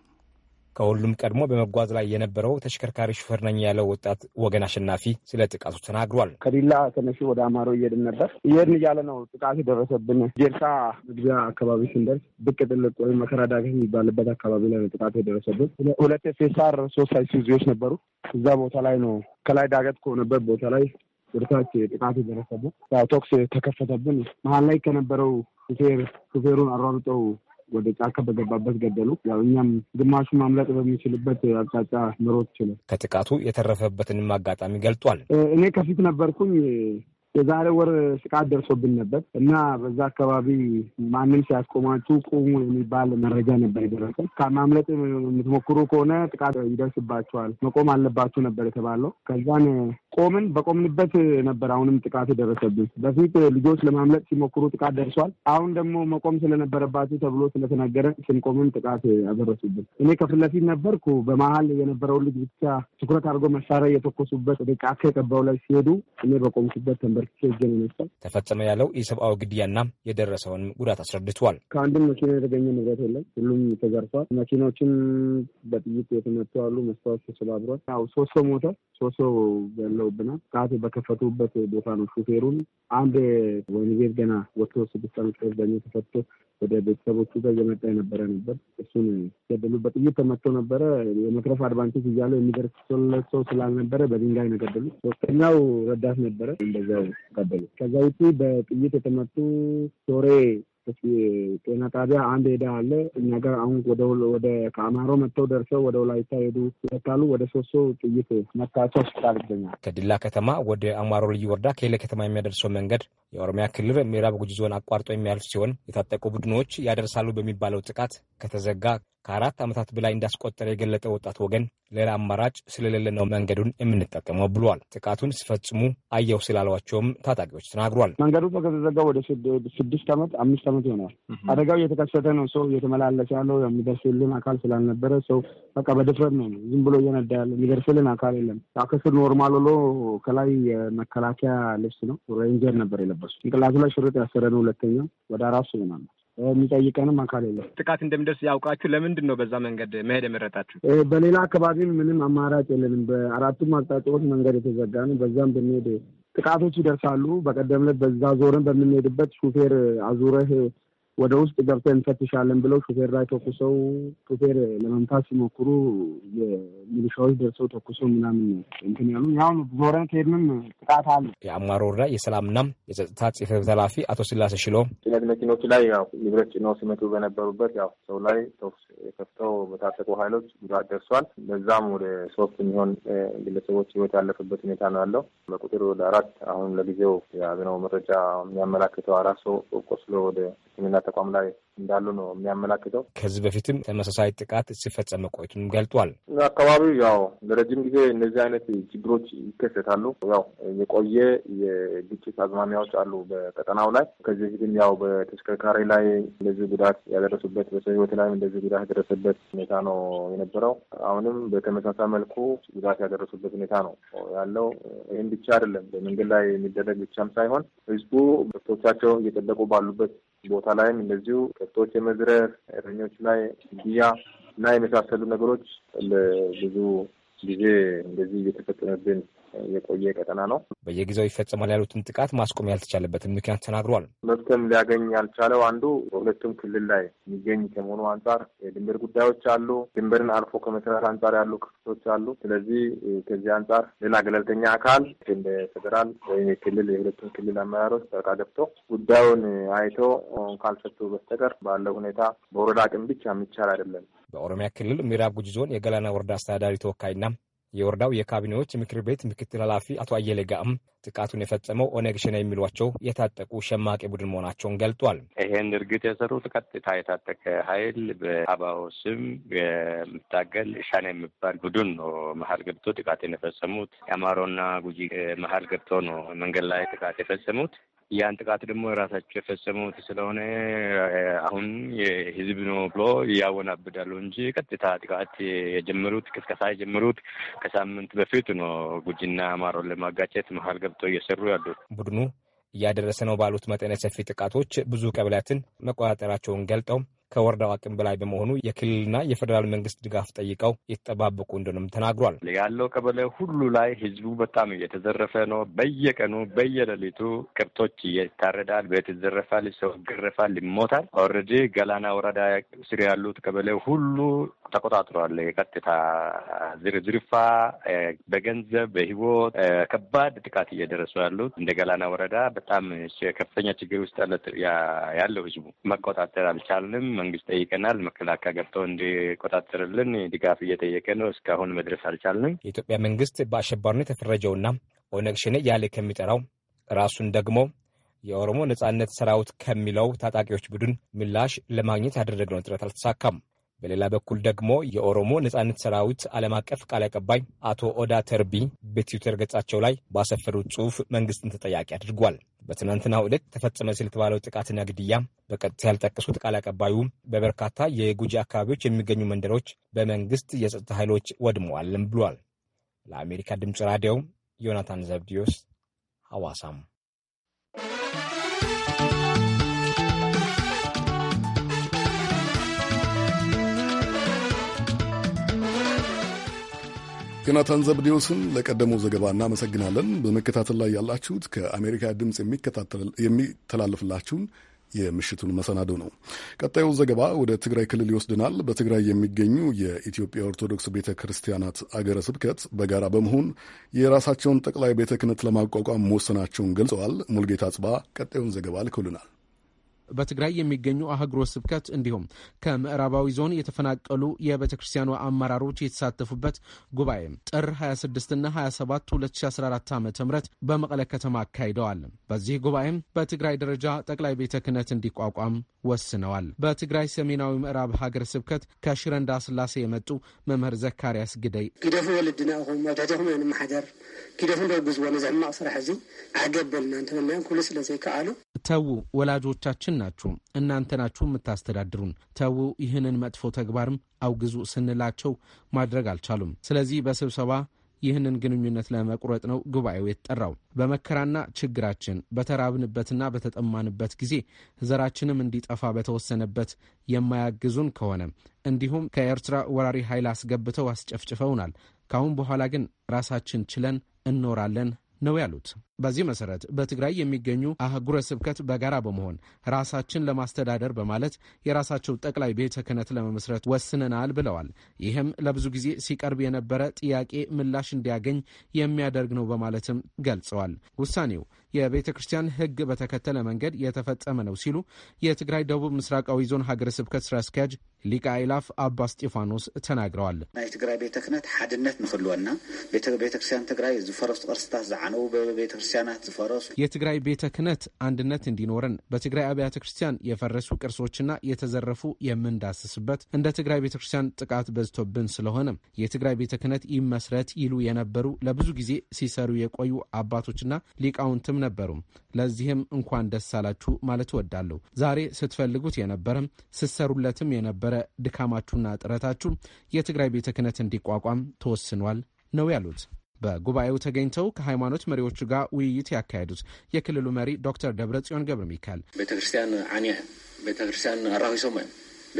ከሁሉም ቀድሞ በመጓዝ ላይ የነበረው ተሽከርካሪ ሹፌር ነኝ ያለው ወጣት ወገን አሸናፊ ስለ ጥቃቱ ተናግሯል። ከዲላ ተነሽ ወደ አማሮ እየድን ነበር። እየድን እያለ ነው ጥቃት የደረሰብን። ጀርሳ መግቢያ አካባቢ ስንደርስ ብቅ ጥልቅ ወይም መከራ ዳገት የሚባልበት አካባቢ ላይ ነው ጥቃት የደረሰብን። ሁለት ፌሳር ሶስት አይሱዚዎች ነበሩ። እዛ ቦታ ላይ ነው ከላይ ዳገት ከሆነበት ቦታ ላይ ወደታች ጥቃት የደረሰብን። ተኩስ ተከፈተብን። መሀል ላይ ከነበረው ሹፌር ሹፌሩን አሯሩጠው ወደ ጫካ በገባበት ገደሉ። ያው እኛም ግማሹ ማምለጥ በሚችልበት አቅጣጫ ምሮት ችሏል። ከጥቃቱ የተረፈበትንም አጋጣሚ ገልጧል። እኔ ከፊት ነበርኩኝ የዛሬ ወር ጥቃት ደርሶብን ነበር እና በዛ አካባቢ ማንም ሲያስቆማችሁ ቁሙ የሚባል መረጃ ነበር የደረሰ። ከማምለጥ የምትሞክሩ ከሆነ ጥቃት ይደርስባቸዋል፣ መቆም አለባችሁ ነበር የተባለው። ከዛን ቆምን። በቆምንበት ነበር አሁንም ጥቃት የደረሰብን። በፊት ልጆች ለማምለጥ ሲሞክሩ ጥቃት ደርሷል። አሁን ደግሞ መቆም ስለነበረባችሁ ተብሎ ስለተነገረ ስንቆምም ጥቃት ያደረሱብን። እኔ ከፊት ለፊት ነበርኩ። በመሀል የነበረውን ልጅ ብቻ ትኩረት አድርጎ መሳሪያ እየተኮሱበት ወደ ጫካ የቀባው ላይ ሲሄዱ እኔ በቆምኩበት ተንበር ሲወጀን ይመስል ተፈጸመ ያለው የሰብአዊ ግድያና የደረሰውን ጉዳት አስረድቷል። ከአንድም መኪና የተገኘ ንብረት የለም። ሁሉም ተዘርፏል። መኪኖችም በጥይት የተመቱ አሉ። መስታወት ተሰባብሯል። ያው ሶስት ሰው ሞተ። ሶስት ሰው ያለውብናል። ሰዓት በከፈቱበት ቦታ ነው። ሹፌሩን አንድ ወይን ቤት ገና ወጥቶ ስድስት ዓመት ከዝዳኛ ተፈቶ ወደ ቤተሰቦቹ ጋር እየመጣ የነበረ ነበር። እሱን ገደሉ። በጥይት ተመቶ ነበረ። የመትረፍ አድቫንቴጅ እያለው የሚደርስ ሰው ስላልነበረ በድንጋይ ነው ገደሉ። ሶስተኛው ረዳት ነበረ እንደዚያው ተቀበሉ። ከዛ ውጭ በጥይት የተመቱ ሶሬ ጤና ጣቢያ አንድ ሄዳ አለ። እኛ ጋር አሁን ወደ ከአማሮ መጥተው ደርሰው ወደ ወላይታ ሄዱ ይወታሉ። ወደ ሶስት ሰው ጥይት መታቸው ሆስፒታል ይገኛል። ከድላ ከተማ ወደ አማሮ ልዩ ወረዳ ከሌለ ከተማ የሚያደርሰው መንገድ የኦሮሚያ ክልል ምዕራብ ጉጂ ዞን አቋርጦ የሚያልፍ ሲሆን የታጠቁ ቡድኖች ያደርሳሉ በሚባለው ጥቃት ከተዘጋ ከአራት ዓመታት በላይ እንዳስቆጠረ የገለጠ ወጣት ወገን ሌላ አማራጭ ስለሌለ ነው መንገዱን የምንጠቀመው ብሏል። ጥቃቱን ሲፈጽሙ አየው ስላሏቸውም ታጣቂዎች ተናግሯል። መንገዱ ከተዘጋ ወደ ስድስት ዓመት አምስት ዓመት ይሆናል። አደጋው እየተከሰተ ነው። ሰው እየተመላለሰ ያለው የሚደርስልን አካል ስላልነበረ ሰው በቃ በድፍረት ነው ዝም ብሎ እየነዳ ያለ የሚደርስልን አካል የለም። አክስ ኖርማል ሎ ከላይ የመከላከያ ልብስ ነው ሬንጀር ነበር የለበሱ እንቅላቱ ላይ ሽርጥ ያሰረ ነው። ሁለተኛው ወደ አራሱ ይሆናል የሚጠይቀንም አካል የለም። ጥቃት እንደሚደርስ ያውቃችሁ ለምንድን ነው በዛ መንገድ መሄድ የመረጣችሁ? በሌላ አካባቢም ምንም አማራጭ የለንም። በአራቱም አቅጣጫዎች መንገድ የተዘጋ ነው። በዛም ብንሄድ ጥቃቶች ይደርሳሉ። በቀደም ዕለት በዛ ዞረን በምንሄድበት ሹፌር አዙረህ ወደ ውስጥ ገብተን እንፈትሻለን ብለው ሹፌር ላይ ተኩሰው ሹፌር ለመምታት ሲሞክሩ የሚሊሻዎች ደርሰው ተኩሰው ምናምን እንትን ያሉ ያሁን ዞረን ከሄድንም ጥቃት አለ። የአማሮ ወረዳ የሰላምና የጸጥታ ጽሕፈት ቤት ኃላፊ አቶ ስላሴ ሽሎ ጭነት መኪኖች ላይ ያው ንብረት ጭነው ሲመጡ በነበሩበት ያው ሰው ላይ ተኩስ የከፍተው በታጠቁ ኃይሎች ጉዳት ደርሷል። በዛም ወደ ሶስት የሚሆን ግለሰቦች ህይወት ያለፈበት ሁኔታ ነው ያለው። በቁጥር ወደ አራት አሁን ለጊዜው የያዝነው መረጃ የሚያመላክተው አራት ሰው ቆስሎ ወደ ህክምና ተቋም ላይ እንዳሉ ነው የሚያመላክተው። ከዚህ በፊትም ተመሳሳይ ጥቃት ሲፈጸም መቆየቱንም ገልጧል። አካባቢው ያው ለረጅም ጊዜ እነዚህ አይነት ችግሮች ይከሰታሉ። ያው የቆየ የግጭት አዝማሚያዎች አሉ በቀጠናው ላይ። ከዚህ በፊትም ያው በተሽከርካሪ ላይ እንደዚህ ጉዳት ያደረሱበት፣ በሰው ህይወት ላይም እንደዚህ ጉዳት ያደረሰበት ሁኔታ ነው የነበረው። አሁንም በተመሳሳይ መልኩ ጉዳት ያደረሱበት ሁኔታ ነው ያለው። ይህም ብቻ አይደለም፣ በመንገድ ላይ የሚደረግ ብቻም ሳይሆን ህዝቡ መብቶቻቸውን እየጠበቁ ባሉበት ቦታ ላይም እንደዚሁ ከብቶች የመዝረፍ እረኞች ላይ ግድያ እና የመሳሰሉ ነገሮች ለብዙ ጊዜ እንደዚህ እየተፈጸመብን የቆየ ቀጠና ነው። በየጊዜው ይፈጸማል ያሉትን ጥቃት ማስቆም ያልተቻለበትን ምክንያት ተናግሯል። መፍትሄም ሊያገኝ ያልቻለው አንዱ በሁለቱም ክልል ላይ የሚገኝ ከመሆኑ አንጻር የድንበር ጉዳዮች አሉ። ድንበርን አልፎ ከመሰረት አንጻር ያሉ ክፍቶች አሉ። ስለዚህ ከዚህ አንጻር ሌላ ገለልተኛ አካል እንደ ፌዴራል ወይም የክልል የሁለቱም ክልል አመራሮች ጠቃ ገብቶ ጉዳዩን አይቶ ካልፈቱ በስተቀር ባለው ሁኔታ በወረዳ አቅም ብቻ የሚቻል አይደለም። በኦሮሚያ ክልል ምዕራብ ጉጂ ዞን የገላና ወረዳ አስተዳዳሪ ተወካይና የወረዳው የካቢኔዎች ምክር ቤት ምክትል ኃላፊ አቶ አየሌ ጋም ጥቃቱን የፈጸመው ኦነግ ሸኔ የሚሏቸው የታጠቁ ሸማቂ ቡድን መሆናቸውን ገልጧል። ይህን እርግጥ የሰሩት ቀጥታ የታጠቀ ኃይል በአባው ስም የምታገል ሻኔ የሚባል ቡድን ነው። መሀል ገብቶ ጥቃትን የፈጸሙት የአማሮና ጉጂ መሀል ገብቶ ነው መንገድ ላይ ጥቃት የፈጸሙት ያን ጥቃት ደግሞ ራሳቸው የፈጸሙት ስለሆነ አሁን ህዝብ ነው ብሎ ያወናብዳሉ እንጂ ቀጥታ ጥቃት የጀመሩት ቅስቀሳ የጀመሩት ከሳምንት በፊት ነው። ጉጂና አማሮን ለማጋጨት መሀል ገብተው እየሰሩ ያሉት ቡድኑ እያደረሰ ነው ባሉት መጠነ ሰፊ ጥቃቶች ብዙ ቀበሌያትን መቆጣጠራቸውን ገልጠው ከወረዳው አቅም በላይ በመሆኑ የክልልና የፌዴራል መንግስት ድጋፍ ጠይቀው ይጠባበቁ እንደሆነም ተናግሯል። ያለው ቀበሌ ሁሉ ላይ ህዝቡ በጣም እየተዘረፈ ነው። በየቀኑ በየሌሊቱ ከብቶች ይታረዳል፣ ቤት ይዘረፋል፣ ሰው ይገረፋል፣ ይሞታል። ኦልሬዲ ገላና ወረዳ ስር ያሉት ቀበሌ ሁሉ ተቆጣጥሯል። የቀጥታ ዝርዝርፋ በገንዘብ በህይወት ከባድ ጥቃት እየደረሱ ያሉት እንደ ገላና ወረዳ በጣም ከፍተኛ ችግር ውስጥ ያለው ህዝቡ መቆጣጠር አልቻልንም። መንግስት ጠይቀናል። መከላከያ ገብተው እንዲቆጣጠርልን ድጋፍ እየጠየቀ ነው። እስካሁን መድረስ አልቻልንም። የኢትዮጵያ መንግስት በአሸባሪነት የተፈረጀውና ኦነግ ሸኔ እያለ ከሚጠራው ራሱን ደግሞ የኦሮሞ ነጻነት ሰራዊት ከሚለው ታጣቂዎች ቡድን ምላሽ ለማግኘት ያደረግነው ጥረት አልተሳካም። በሌላ በኩል ደግሞ የኦሮሞ ነጻነት ሰራዊት ዓለም አቀፍ ቃል አቀባይ አቶ ኦዳ ተርቢ በትዊተር ገጻቸው ላይ ባሰፈሩት ጽሑፍ መንግስትን ተጠያቂ አድርጓል። በትናንትናው ዕለት ተፈጸመ ስልት ባለው ጥቃትና ግድያ በቀጥታ ያልጠቀሱት ቃል አቀባዩ በበርካታ የጉጂ አካባቢዎች የሚገኙ መንደሮች በመንግስት የጸጥታ ኃይሎች ወድመዋልም ብሏል። ለአሜሪካ ድምፅ ራዲዮ ዮናታን ዘብዲዮስ ሐዋሳም ዮናታን ዘብዴዎስን ለቀደመው ዘገባ እናመሰግናለን። በመከታተል ላይ ያላችሁት ከአሜሪካ ድምፅ የሚተላለፍላችሁን የምሽቱን መሰናዶ ነው። ቀጣዩ ዘገባ ወደ ትግራይ ክልል ይወስድናል። በትግራይ የሚገኙ የኢትዮጵያ ኦርቶዶክስ ቤተ ክርስቲያናት አገረ ስብከት በጋራ በመሆን የራሳቸውን ጠቅላይ ቤተ ክህነት ለማቋቋም መወሰናቸውን ገልጸዋል። ሙልጌታ ጽባ ቀጣዩን ዘገባ ልኮልናል። በትግራይ የሚገኙ አህጉረ ስብከት እንዲሁም ከምዕራባዊ ዞን የተፈናቀሉ የቤተ ክርስቲያኑ አመራሮች የተሳተፉበት ጉባኤ ጥር 26ና 27 2014 ዓ ም በመቀለ ከተማ አካሂደዋል። በዚህ ጉባኤም በትግራይ ደረጃ ጠቅላይ ቤተ ክህነት እንዲቋቋም ወስነዋል። በትግራይ ሰሜናዊ ምዕራብ ሀገረ ስብከት ከሽረንዳ ስላሴ የመጡ መምህር ዘካርያስ ግደይ ኪደፍ ወልድና ኹ መትሕቲኹም እዮም ንማሓደር ኪደፍ እንደግዝዎ ነዚ ሕማቅ ስራሕ እዚ ኣገበልና እንተበልና ኩሉ ስለ ዘይከኣሉ ተዉ ወላጆቻችን ምንድን ናችሁ? እናንተ ናችሁ የምታስተዳድሩን። ተዉ፣ ይህንን መጥፎ ተግባርም አውግዙ ስንላቸው ማድረግ አልቻሉም። ስለዚህ በስብሰባ ይህንን ግንኙነት ለመቁረጥ ነው ጉባኤው የተጠራው። በመከራና ችግራችን በተራብንበትና በተጠማንበት ጊዜ ዘራችንም እንዲጠፋ በተወሰነበት የማያግዙን ከሆነ እንዲሁም ከኤርትራ ወራሪ ኃይል አስገብተው አስጨፍጭፈውናል። ከአሁን በኋላ ግን ራሳችን ችለን እንኖራለን ነው ያሉት። በዚህ መሰረት በትግራይ የሚገኙ አህጉረ ስብከት በጋራ በመሆን ራሳችን ለማስተዳደር በማለት የራሳቸው ጠቅላይ ቤተ ክህነት ለመመስረት ወስነናል ብለዋል። ይህም ለብዙ ጊዜ ሲቀርብ የነበረ ጥያቄ ምላሽ እንዲያገኝ የሚያደርግ ነው በማለትም ገልጸዋል። ውሳኔው የቤተ ክርስቲያን ሕግ በተከተለ መንገድ የተፈጸመ ነው ሲሉ የትግራይ ደቡብ ምስራቃዊ ዞን ሀገረ ስብከት ስራ አስኪያጅ ሊቀ አእላፍ አባ እስጢፋኖስ ተናግረዋል። ናይ ትግራይ ቤተ ክህነት ሓድነት ንክህልወና ቤተክርስቲያን ትግራይ ዝፈረሱ ቅርስታት ዝዓነው ቤተክርስቲያን ክርስቲያናት ዝፈረሱ የትግራይ ቤተ ክህነት አንድነት እንዲኖረን በትግራይ አብያተ ክርስቲያን የፈረሱ ቅርሶችና የተዘረፉ የምንዳስስበት እንደ ትግራይ ቤተ ክርስቲያን ጥቃት በዝቶብን ስለሆነ የትግራይ ቤተ ክህነት ይመስረት ይሉ የነበሩ ለብዙ ጊዜ ሲሰሩ የቆዩ አባቶችና ሊቃውንትም ነበሩ። ለዚህም እንኳን ደስ አላችሁ ማለት እወዳለሁ። ዛሬ ስትፈልጉት የነበረ ስትሰሩለትም የነበረ ድካማችሁና ጥረታችሁ የትግራይ ቤተ ክህነት እንዲቋቋም ተወስኗል ነው ያሉት። በጉባኤው ተገኝተው ከሃይማኖት መሪዎቹ ጋር ውይይት ያካሄዱት የክልሉ መሪ ዶክተር ደብረ ጽዮን ገብረ ሚካኤል ቤተክርስቲያን አኒ ቤተክርስቲያን አራኪሶማ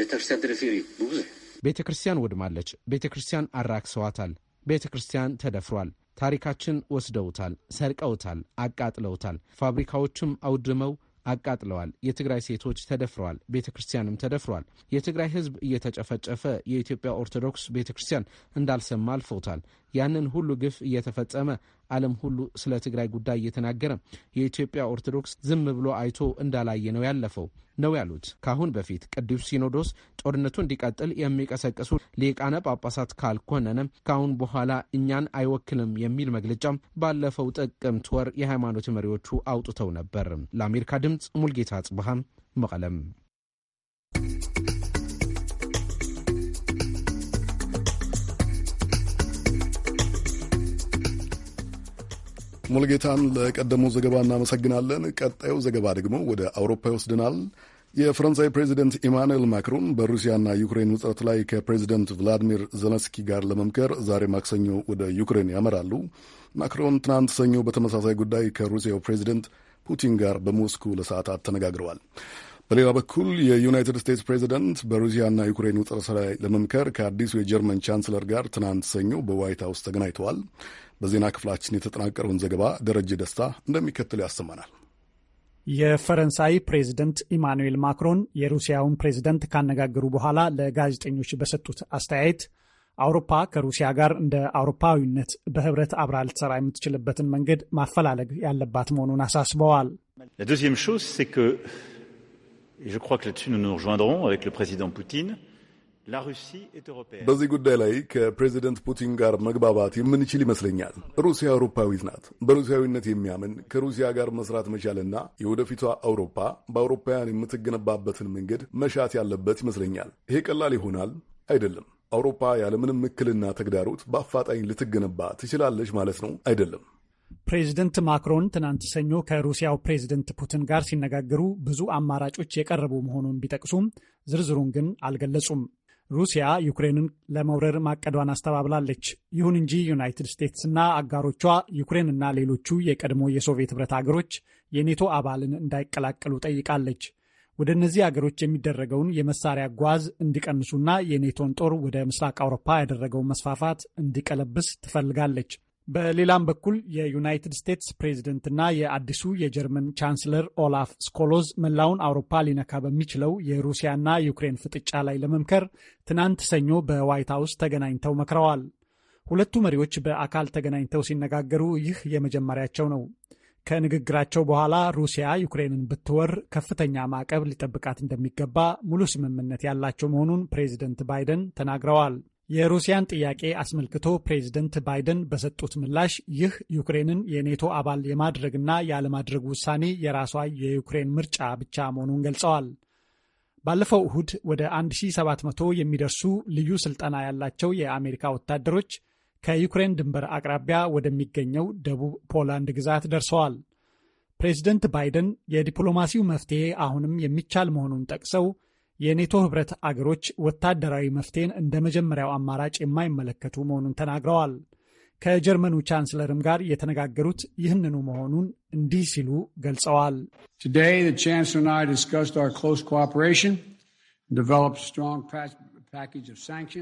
ቤተክርስቲያን ትርፊሪ ብዙ ቤተ ክርስቲያን ወድማለች። ቤተ ክርስቲያን አራክሰዋታል። ቤተ ክርስቲያን ተደፍሯል። ታሪካችን ወስደውታል፣ ሰርቀውታል፣ አቃጥለውታል። ፋብሪካዎቹም አውድመው አቃጥለዋል። የትግራይ ሴቶች ተደፍረዋል። ቤተ ክርስቲያንም ተደፍረዋል። የትግራይ ህዝብ እየተጨፈጨፈ የኢትዮጵያ ኦርቶዶክስ ቤተ ክርስቲያን እንዳልሰማ አልፎታል። ያንን ሁሉ ግፍ እየተፈጸመ ዓለም ሁሉ ስለ ትግራይ ጉዳይ እየተናገረ የኢትዮጵያ ኦርቶዶክስ ዝም ብሎ አይቶ እንዳላየ ነው ያለፈው ነው ያሉት። ካሁን በፊት ቅዱስ ሲኖዶስ ጦርነቱ እንዲቀጥል የሚቀሰቅሱ ሊቃነ ጳጳሳት ካልኮነነ ካሁን በኋላ እኛን አይወክልም የሚል መግለጫም ባለፈው ጥቅምት ወር የሃይማኖት መሪዎቹ አውጥተው ነበር። ለአሜሪካ ድምፅ ሙልጌታ አጽብሃም መቀለም ሙልጌታን ለቀደመው ዘገባ እናመሰግናለን። ቀጣዩ ዘገባ ደግሞ ወደ አውሮፓ ይወስድናል። የፈረንሳይ ፕሬዚደንት ኢማኑኤል ማክሮን በሩሲያና ዩክሬን ውጥረት ላይ ከፕሬዚደንት ቭላዲሚር ዘለንስኪ ጋር ለመምከር ዛሬ ማክሰኞ ወደ ዩክሬን ያመራሉ። ማክሮን ትናንት ሰኞ በተመሳሳይ ጉዳይ ከሩሲያው ፕሬዚደንት ፑቲን ጋር በሞስኩ ለሰዓታት ተነጋግረዋል። በሌላ በኩል የዩናይትድ ስቴትስ ፕሬዚደንት በሩሲያና ዩክሬን ውጥረት ላይ ለመምከር ከአዲሱ የጀርመን ቻንስለር ጋር ትናንት ሰኞ በዋይት ሀውስ ተገናኝተዋል። በዜና ክፍላችን የተጠናቀረውን ዘገባ ደረጀ ደስታ እንደሚከተለው ያሰማናል። የፈረንሳይ ፕሬዝደንት ኢማኑኤል ማክሮን የሩሲያውን ፕሬዝደንት ካነጋገሩ በኋላ ለጋዜጠኞች በሰጡት አስተያየት አውሮፓ ከሩሲያ ጋር እንደ አውሮፓዊነት በህብረት አብራ ልትሰራ የምትችልበትን መንገድ ማፈላለግ ያለባት መሆኑን አሳስበዋል። et je crois que là-dessus nous nous rejoindrons avec le président Poutine, በዚህ ጉዳይ ላይ ከፕሬዚደንት ፑቲን ጋር መግባባት የምንችል ይመስለኛል። ሩሲያ አውሮፓዊት ናት። በሩሲያዊነት የሚያምን ከሩሲያ ጋር መስራት መቻልና የወደፊቷ አውሮፓ በአውሮፓውያን የምትገነባበትን መንገድ መሻት ያለበት ይመስለኛል። ይሄ ቀላል ይሆናል አይደለም። አውሮፓ ያለምንም እክልና ተግዳሮት በአፋጣኝ ልትገነባ ትችላለች ማለት ነው አይደለም። ፕሬዚደንት ማክሮን ትናንት ሰኞ ከሩሲያው ፕሬዚደንት ፑቲን ጋር ሲነጋገሩ ብዙ አማራጮች የቀረቡ መሆኑን ቢጠቅሱም ዝርዝሩን ግን አልገለጹም። ሩሲያ ዩክሬንን ለመውረር ማቀዷን አስተባብላለች። ይሁን እንጂ ዩናይትድ ስቴትስና አጋሮቿ ዩክሬንና ሌሎቹ የቀድሞ የሶቪየት ህብረት አገሮች የኔቶ አባልን እንዳይቀላቀሉ ጠይቃለች። ወደ እነዚህ አገሮች የሚደረገውን የመሳሪያ ጓዝ እንዲቀንሱና የኔቶን ጦር ወደ ምስራቅ አውሮፓ ያደረገውን መስፋፋት እንዲቀለብስ ትፈልጋለች። በሌላም በኩል የዩናይትድ ስቴትስ ፕሬዝደንትና የአዲሱ የጀርመን ቻንስለር ኦላፍ ስኮሎዝ መላውን አውሮፓ ሊነካ በሚችለው የሩሲያና ዩክሬን ፍጥጫ ላይ ለመምከር ትናንት ሰኞ በዋይት ሀውስ ተገናኝተው መክረዋል። ሁለቱ መሪዎች በአካል ተገናኝተው ሲነጋገሩ ይህ የመጀመሪያቸው ነው። ከንግግራቸው በኋላ ሩሲያ ዩክሬንን ብትወር ከፍተኛ ማዕቀብ ሊጠብቃት እንደሚገባ ሙሉ ስምምነት ያላቸው መሆኑን ፕሬዝደንት ባይደን ተናግረዋል። የሩሲያን ጥያቄ አስመልክቶ ፕሬዚደንት ባይደን በሰጡት ምላሽ ይህ ዩክሬንን የኔቶ አባል የማድረግና ያለማድረግ ውሳኔ የራሷ የዩክሬን ምርጫ ብቻ መሆኑን ገልጸዋል። ባለፈው እሁድ ወደ 1700 የሚደርሱ ልዩ ስልጠና ያላቸው የአሜሪካ ወታደሮች ከዩክሬን ድንበር አቅራቢያ ወደሚገኘው ደቡብ ፖላንድ ግዛት ደርሰዋል። ፕሬዚደንት ባይደን የዲፕሎማሲው መፍትሔ አሁንም የሚቻል መሆኑን ጠቅሰው የኔቶ ህብረት አገሮች ወታደራዊ መፍትሄን እንደ መጀመሪያው አማራጭ የማይመለከቱ መሆኑን ተናግረዋል። ከጀርመኑ ቻንስለርም ጋር የተነጋገሩት ይህንኑ መሆኑን እንዲህ ሲሉ ገልጸዋል።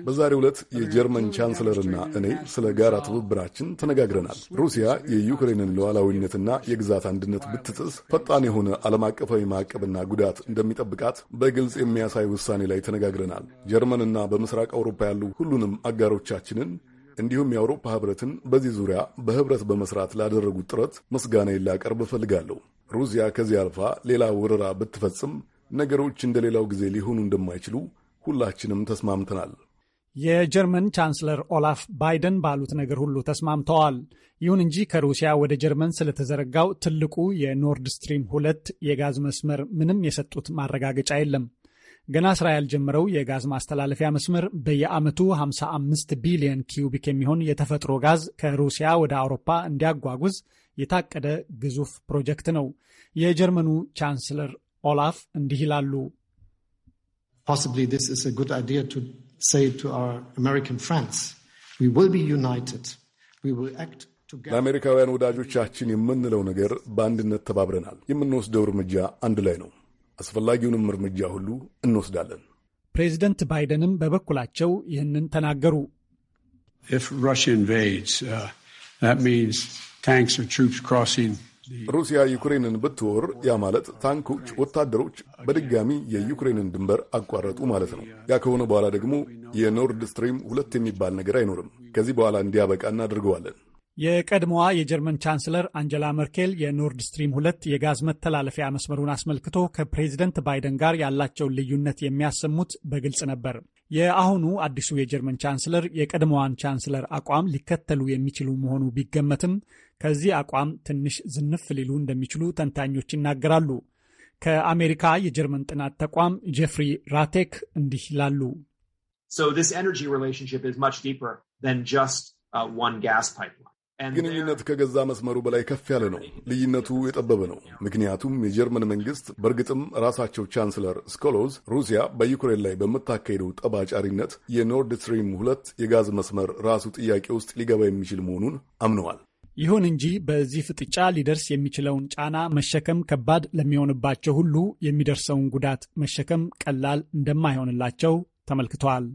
በዛሬ ዕለት የጀርመን ቻንስለርና እኔ ስለ ጋራ ትብብራችን ተነጋግረናል። ሩሲያ የዩክሬንን ሉዓላዊነትና የግዛት አንድነት ብትጥስ ፈጣን የሆነ ዓለም አቀፋዊ ማዕቀብና ጉዳት እንደሚጠብቃት በግልጽ የሚያሳይ ውሳኔ ላይ ተነጋግረናል። ጀርመንና በምስራቅ አውሮፓ ያሉ ሁሉንም አጋሮቻችንን እንዲሁም የአውሮፓ ህብረትን በዚህ ዙሪያ በህብረት በመስራት ላደረጉት ጥረት ምስጋና ላቀርብ እፈልጋለሁ። ሩሲያ ከዚህ አልፋ ሌላ ወረራ ብትፈጽም ነገሮች እንደሌላው ጊዜ ሊሆኑ እንደማይችሉ ሁላችንም ተስማምተናል። የጀርመን ቻንስለር ኦላፍ ባይደን ባሉት ነገር ሁሉ ተስማምተዋል። ይሁን እንጂ ከሩሲያ ወደ ጀርመን ስለተዘረጋው ትልቁ የኖርድ ስትሪም ሁለት የጋዝ መስመር ምንም የሰጡት ማረጋገጫ የለም። ገና ስራ ያልጀመረው የጋዝ ማስተላለፊያ መስመር በየዓመቱ 55 ቢሊዮን ኪዩቢክ የሚሆን የተፈጥሮ ጋዝ ከሩሲያ ወደ አውሮፓ እንዲያጓጉዝ የታቀደ ግዙፍ ፕሮጀክት ነው። የጀርመኑ ቻንስለር ኦላፍ እንዲህ ይላሉ። Possibly this is a good idea to say to our American friends. We will be united. We will act ለአሜሪካውያን ወዳጆቻችን የምንለው ነገር በአንድነት ተባብረናል። የምንወስደው እርምጃ አንድ ላይ ነው። አስፈላጊውንም እርምጃ ሁሉ እንወስዳለን። ፕሬዚደንት ባይደንም በበኩላቸው ይህንን ተናገሩ። ሩሲያ ዩክሬንን ብትወር ያ ማለት ታንኮች፣ ወታደሮች በድጋሚ የዩክሬንን ድንበር አቋረጡ ማለት ነው። ያ ከሆነ በኋላ ደግሞ የኖርድ ስትሪም ሁለት የሚባል ነገር አይኖርም። ከዚህ በኋላ እንዲያበቃ እናድርገዋለን። የቀድሞዋ የጀርመን ቻንስለር አንጀላ መርኬል የኖርድ ስትሪም ሁለት የጋዝ መተላለፊያ መስመሩን አስመልክቶ ከፕሬዚደንት ባይደን ጋር ያላቸውን ልዩነት የሚያሰሙት በግልጽ ነበር። የአሁኑ አዲሱ የጀርመን ቻንስለር የቀድሞዋን ቻንስለር አቋም ሊከተሉ የሚችሉ መሆኑ ቢገመትም ከዚህ አቋም ትንሽ ዝንፍ ሊሉ እንደሚችሉ ተንታኞች ይናገራሉ። ከአሜሪካ የጀርመን ጥናት ተቋም ጄፍሪ ራቴክ እንዲህ ይላሉ። uh, ግንኙነት ከገዛ መስመሩ በላይ ከፍ ያለ ነው። ልዩነቱ የጠበበ ነው። ምክንያቱም የጀርመን መንግስት በእርግጥም ራሳቸው ቻንስለር ስኮሎዝ ሩሲያ በዩክሬን ላይ በምታካሄደው ጠባጫሪነት የኖርድ ስትሪም ሁለት የጋዝ መስመር ራሱ ጥያቄ ውስጥ ሊገባ የሚችል መሆኑን አምነዋል። ይሁን እንጂ በዚህ ፍጥጫ ሊደርስ የሚችለውን ጫና መሸከም ከባድ ለሚሆንባቸው ሁሉ የሚደርሰውን ጉዳት መሸከም ቀላል እንደማይሆንላቸው ተመልክተዋል።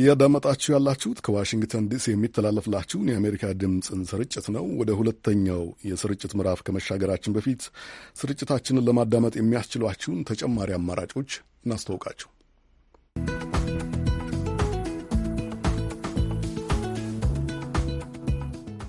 እያዳመጣችሁ ያላችሁት ከዋሽንግተን ዲሲ የሚተላለፍላችሁን የአሜሪካ ድምፅን ስርጭት ነው። ወደ ሁለተኛው የስርጭት ምዕራፍ ከመሻገራችን በፊት ስርጭታችንን ለማዳመጥ የሚያስችሏችሁን ተጨማሪ አማራጮች እናስተዋውቃችሁ።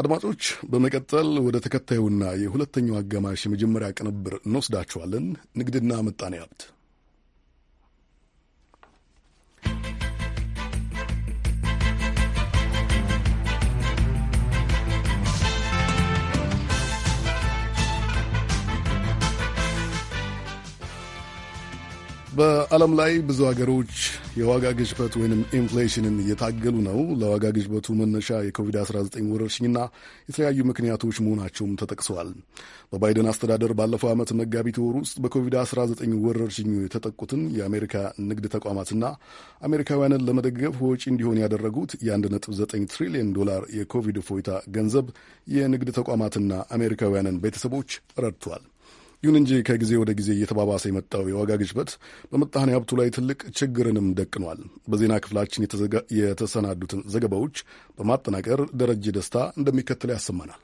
አድማጮች፣ በመቀጠል ወደ ተከታዩና የሁለተኛው አጋማሽ የመጀመሪያ ቅንብር እንወስዳችኋለን። ንግድና ምጣኔ ሀብት በዓለም ላይ ብዙ ሀገሮች የዋጋ ግሽበት ወይንም ኢንፍሌሽንን እየታገሉ ነው። ለዋጋ ግሽበቱ መነሻ የኮቪድ-19 ወረርሽኝና የተለያዩ ምክንያቶች መሆናቸውም ተጠቅሰዋል። በባይደን አስተዳደር ባለፈው ዓመት መጋቢት ወር ውስጥ በኮቪድ-19 ወረርሽኙ የተጠቁትን የአሜሪካ ንግድ ተቋማትና አሜሪካውያንን ለመደገፍ ወጪ እንዲሆን ያደረጉት የ1.9 ትሪሊዮን ዶላር የኮቪድ ፎይታ ገንዘብ የንግድ ተቋማትና አሜሪካውያንን ቤተሰቦች ረድቷል። ይሁን እንጂ ከጊዜ ወደ ጊዜ እየተባባሰ የመጣው የዋጋ ግሽበት በምጣኔ ሀብቱ ላይ ትልቅ ችግርንም ደቅኗል። በዜና ክፍላችን የተሰናዱትን ዘገባዎች በማጠናቀር ደረጀ ደስታ እንደሚከትል ያሰማናል።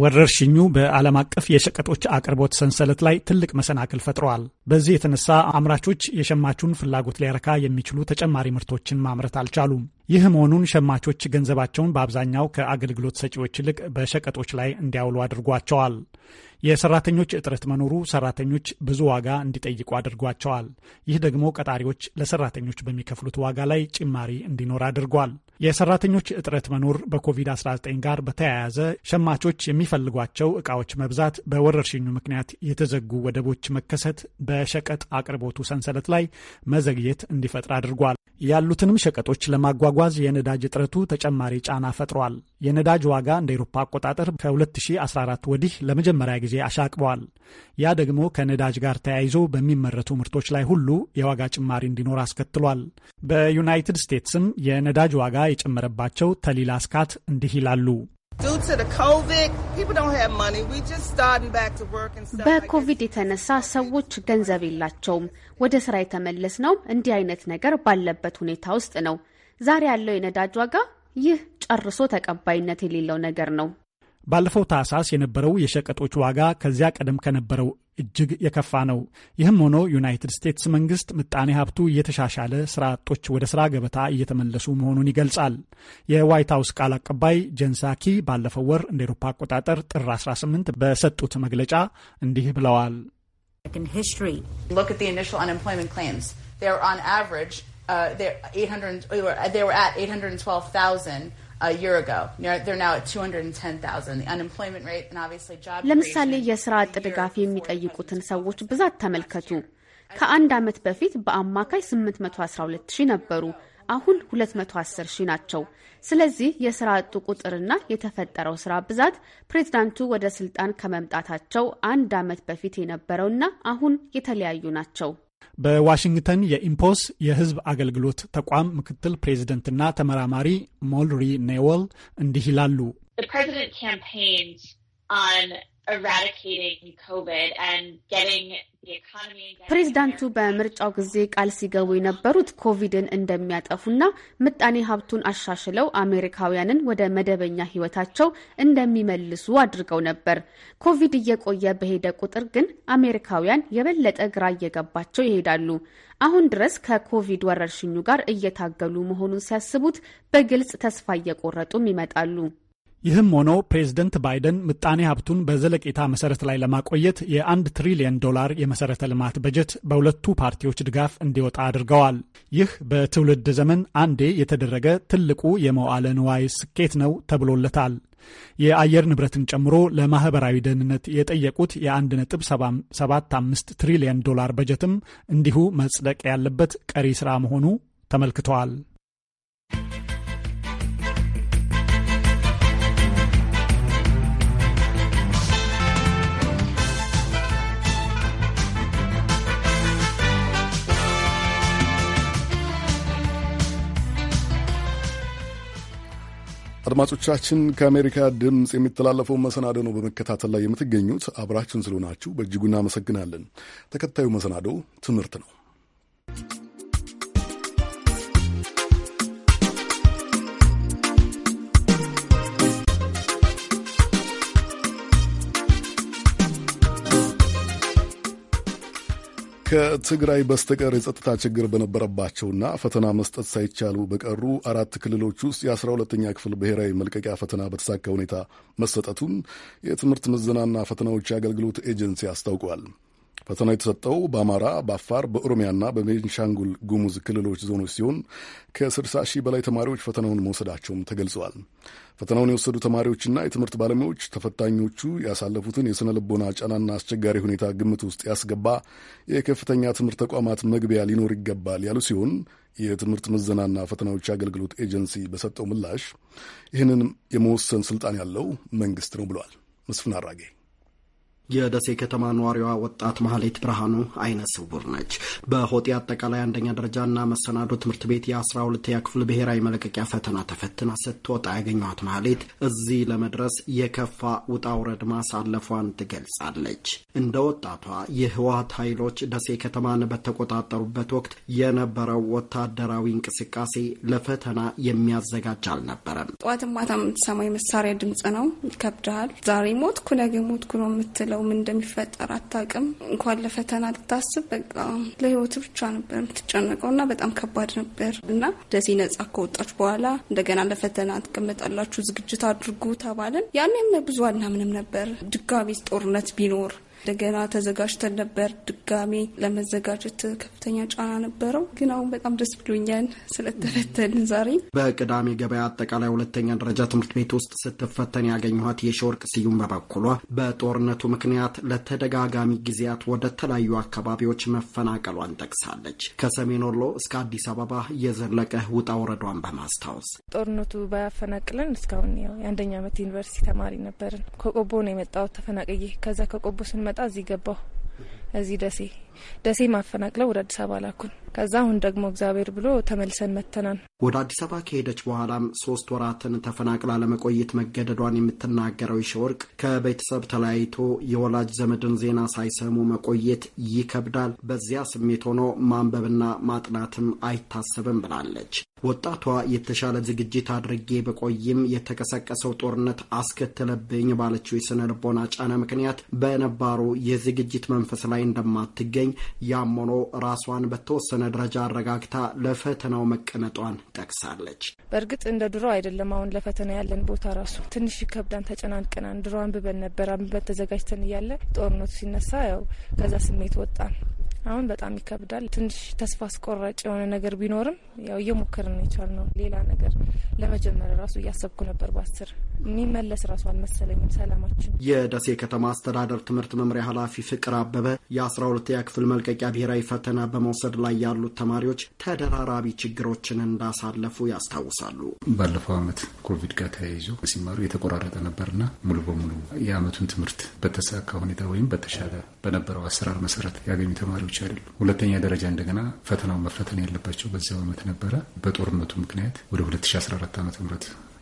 ወረርሽኙ በዓለም አቀፍ የሸቀጦች አቅርቦት ሰንሰለት ላይ ትልቅ መሰናክል ፈጥሯል። በዚህ የተነሳ አምራቾች የሸማቹን ፍላጎት ሊያረካ የሚችሉ ተጨማሪ ምርቶችን ማምረት አልቻሉም። ይህ መሆኑን ሸማቾች ገንዘባቸውን በአብዛኛው ከአገልግሎት ሰጪዎች ይልቅ በሸቀጦች ላይ እንዲያውሉ አድርጓቸዋል። የሰራተኞች እጥረት መኖሩ ሰራተኞች ብዙ ዋጋ እንዲጠይቁ አድርጓቸዋል። ይህ ደግሞ ቀጣሪዎች ለሰራተኞች በሚከፍሉት ዋጋ ላይ ጭማሪ እንዲኖር አድርጓል። የሰራተኞች እጥረት መኖር በኮቪድ-19 ጋር በተያያዘ ሸማቾች የሚፈልጓቸው እቃዎች መብዛት፣ በወረርሽኙ ምክንያት የተዘጉ ወደቦች መከሰት በሸቀጥ አቅርቦቱ ሰንሰለት ላይ መዘግየት እንዲፈጥር አድርጓል። ያሉትንም ሸቀጦች ለማጓ ለመጓጓዝ የነዳጅ እጥረቱ ተጨማሪ ጫና ፈጥሯል። የነዳጅ ዋጋ እንደ ኤሮፓ አቆጣጠር ከ2014 ወዲህ ለመጀመሪያ ጊዜ አሻቅቧል። ያ ደግሞ ከነዳጅ ጋር ተያይዞ በሚመረቱ ምርቶች ላይ ሁሉ የዋጋ ጭማሪ እንዲኖር አስከትሏል። በዩናይትድ ስቴትስም የነዳጅ ዋጋ የጨመረባቸው ተሊላ ስካት እንዲህ ይላሉ። በኮቪድ የተነሳ ሰዎች ገንዘብ የላቸውም። ወደ ስራ የተመለስ ነው እንዲህ አይነት ነገር ባለበት ሁኔታ ውስጥ ነው። ዛሬ ያለው የነዳጅ ዋጋ ይህ ጨርሶ ተቀባይነት የሌለው ነገር ነው። ባለፈው ታህሳስ የነበረው የሸቀጦች ዋጋ ከዚያ ቀደም ከነበረው እጅግ የከፋ ነው። ይህም ሆኖ ዩናይትድ ስቴትስ መንግስት ምጣኔ ሀብቱ እየተሻሻለ ስራ አጦች ወደ ስራ ገበታ እየተመለሱ መሆኑን ይገልጻል። የዋይት ሀውስ ቃል አቀባይ ጀንሳኪ ባለፈው ወር እንደ ኤሮፓ አቆጣጠር ጥር 18 በሰጡት መግለጫ እንዲህ ብለዋል። 800, uh, they were, uh, they were at 812,000 ለምሳሌ የስራ አጥ ድጋፍ የሚጠይቁትን ሰዎች ብዛት ተመልከቱ። ከአንድ ዓመት በፊት በአማካይ 812 ሺህ ነበሩ። አሁን 210 ሺህ ናቸው። ስለዚህ የስራ አጡ ቁጥርና የተፈጠረው ስራ ብዛት ፕሬዝዳንቱ ወደ ስልጣን ከመምጣታቸው አንድ ዓመት በፊት የነበረውና አሁን የተለያዩ ናቸው። በዋሽንግተን የኢምፖስ የህዝብ አገልግሎት ተቋም ምክትል ፕሬዚደንትና ተመራማሪ ሞልሪ ኔወል እንዲህ ይላሉ። ፕሬዚዳንቱ በምርጫው ጊዜ ቃል ሲገቡ የነበሩት ኮቪድን እንደሚያጠፉና ምጣኔ ሀብቱን አሻሽለው አሜሪካውያንን ወደ መደበኛ ሕይወታቸው እንደሚመልሱ አድርገው ነበር። ኮቪድ እየቆየ በሄደ ቁጥር ግን አሜሪካውያን የበለጠ ግራ እየገባቸው ይሄዳሉ። አሁን ድረስ ከኮቪድ ወረርሽኙ ጋር እየታገሉ መሆኑን ሲያስቡት በግልጽ ተስፋ እየቆረጡም ይመጣሉ። ይህም ሆኖ ፕሬዝደንት ባይደን ምጣኔ ሀብቱን በዘለቄታ መሰረት ላይ ለማቆየት የአንድ ትሪሊየን ዶላር የመሰረተ ልማት በጀት በሁለቱ ፓርቲዎች ድጋፍ እንዲወጣ አድርገዋል። ይህ በትውልድ ዘመን አንዴ የተደረገ ትልቁ የመዋለ ንዋይ ስኬት ነው ተብሎለታል። የአየር ንብረትን ጨምሮ ለማህበራዊ ደህንነት የጠየቁት የ1.75 ትሪሊየን ዶላር በጀትም እንዲሁ መጽደቅ ያለበት ቀሪ ስራ መሆኑ ተመልክተዋል። አድማጮቻችን ከአሜሪካ ድምፅ የሚተላለፈው መሰናዶ ነው በመከታተል ላይ የምትገኙት። አብራችን ስለሆናችሁ በእጅጉ እናመሰግናለን። ተከታዩ መሰናዶ ትምህርት ነው። ከትግራይ በስተቀር የጸጥታ ችግር በነበረባቸውና ፈተና መስጠት ሳይቻሉ በቀሩ አራት ክልሎች ውስጥ የአስራ ሁለተኛ ክፍል ብሔራዊ መልቀቂያ ፈተና በተሳካ ሁኔታ መሰጠቱን የትምህርት ምዘናና ፈተናዎች አገልግሎት ኤጀንሲ አስታውቋል። ፈተናው የተሰጠው በአማራ፣ በአፋር፣ በኦሮሚያና በቤንሻንጉል ጉሙዝ ክልሎች ዞኖች ሲሆን ከ60 ሺህ በላይ ተማሪዎች ፈተናውን መውሰዳቸውም ተገልጸዋል። ፈተናውን የወሰዱ ተማሪዎችና የትምህርት ባለሙያዎች ተፈታኞቹ ያሳለፉትን የሥነ ልቦና ጫናና አስቸጋሪ ሁኔታ ግምት ውስጥ ያስገባ የከፍተኛ ትምህርት ተቋማት መግቢያ ሊኖር ይገባል ያሉ ሲሆን የትምህርት ምዘናና ፈተናዎች አገልግሎት ኤጀንሲ በሰጠው ምላሽ ይህንን የመወሰን ስልጣን ያለው መንግስት ነው ብሏል። መስፍን አራጌ የደሴ ከተማ ነዋሪዋ ወጣት ማህሌት ብርሃኑ አይነ ስውር ነች። በሆጤ አጠቃላይ አንደኛ ደረጃና መሰናዶ ትምህርት ቤት የአስራ ሁለተኛ ክፍል ብሔራዊ መለቀቂያ ፈተና ተፈትና ስትወጣ ያገኘኋት ማህሌት እዚህ ለመድረስ የከፋ ውጣ ውረድ ማሳለፏን ትገልጻለች። እንደ ወጣቷ የህወሀት ኃይሎች ደሴ ከተማን በተቆጣጠሩበት ወቅት የነበረው ወታደራዊ እንቅስቃሴ ለፈተና የሚያዘጋጅ አልነበረም። ጠዋት ማታ መሳሪያ ድምጽ ነው። ይከብድሃል። ዛሬ ሞትኩ ነገ ሞትኩ ነው የምትለው እንደሚለው ምን እንደሚፈጠር አታውቅም። እንኳን ለፈተና ልታስብ በቃ ለህይወት ብቻ ነበር የምትጨነቀው እና በጣም ከባድ ነበር እና ደሴ ነጻ ከወጣች በኋላ እንደገና ለፈተና ትቀመጣላችሁ ዝግጅት አድርጉ ተባልን። ያኔም ብዙ አናምንም ነበር ድጋሚ ጦርነት ቢኖር እንደገና ተዘጋጅተን ነበር። ድጋሜ ለመዘጋጀት ከፍተኛ ጫና ነበረው፣ ግን አሁን በጣም ደስ ብሎኛል ስለተፈተን ዛሬ። በቅዳሜ ገበያ አጠቃላይ ሁለተኛ ደረጃ ትምህርት ቤት ውስጥ ስትፈተን ያገኘኋት የሸወርቅ ስዩም በበኩሏ በጦርነቱ ምክንያት ለተደጋጋሚ ጊዜያት ወደ ተለያዩ አካባቢዎች መፈናቀሏን ጠቅሳለች። ከሰሜን ወሎ እስከ አዲስ አበባ የዘለቀ ውጣ ወረዷን በማስታወስ ጦርነቱ ባያፈናቅለን እስካሁን ያው የአንደኛ ዓመት ዩኒቨርሲቲ ተማሪ ነበርን። ከቆቦ ነው የመጣሁት ተፈናቅዬ። ከዛ ከቆቦ ስንመ ስመጣ እዚህ ገባሁ እዚህ ደሴ ደሴ ማፈናቅለው ወደ አዲስ አበባ ላኩን። ከዛ አሁን ደግሞ እግዚአብሔር ብሎ ተመልሰን መተናል። ወደ አዲስ አበባ ከሄደች በኋላም ሶስት ወራትን ተፈናቅላ ለመቆየት መገደዷን የምትናገረው ይሸወርቅ ከቤተሰብ ተለያይቶ የወላጅ ዘመድን ዜና ሳይሰሙ መቆየት ይከብዳል። በዚያ ስሜት ሆኖ ማንበብና ማጥናትም አይታሰብም ብላለች። ወጣቷ የተሻለ ዝግጅት አድርጌ በቆይም የተቀሰቀሰው ጦርነት አስከተለብኝ ባለችው የስነ ልቦና ጫና ምክንያት በነባሩ የዝግጅት መንፈስ ላይ እንደማትገኝ ያም ሆኖ ራሷን በተወሰነ ደረጃ አረጋግታ ለፈተናው መቀመጧን ጠቅሳለች። በእርግጥ እንደ ድሮ አይደለም። አሁን ለፈተና ያለን ቦታ ራሱ ትንሽ ከብዳን ተጨናንቀናን። ድሮ አንብበን ነበር። አንብበን ተዘጋጅተን እያለ ጦርነቱ ሲነሳ ያው ከዛ ስሜት ወጣን። አሁን በጣም ይከብዳል። ትንሽ ተስፋ አስቆራጭ የሆነ ነገር ቢኖርም ያው እየሞከርን ይቻል ነው። ሌላ ነገር ለመጀመር ራሱ እያሰብኩ ነበር። በአስር የሚመለስ ራሱ አልመሰለኝም ሰላማችን። የደሴ ከተማ አስተዳደር ትምህርት መምሪያ ኃላፊ ፍቅር አበበ የአስራ ሁለተኛ ክፍል መልቀቂያ ብሔራዊ ፈተና በመውሰድ ላይ ያሉት ተማሪዎች ተደራራቢ ችግሮችን እንዳሳለፉ ያስታውሳሉ። ባለፈው ዓመት ኮቪድ ጋር ተያይዞ ሲማሩ የተቆራረጠ ነበርና ሙሉ በሙሉ የአመቱን ትምህርት በተሳካ ሁኔታ ወይም በተሻለ በነበረው አሰራር መሰረት ያገኙ ተማሪዎች አይደሉም። ሁለተኛ ደረጃ እንደገና ፈተናው መፈተን ያለባቸው በዚያው ዓመት ነበረ። በጦርነቱ ምክንያት ወደ 2014 ዓ ም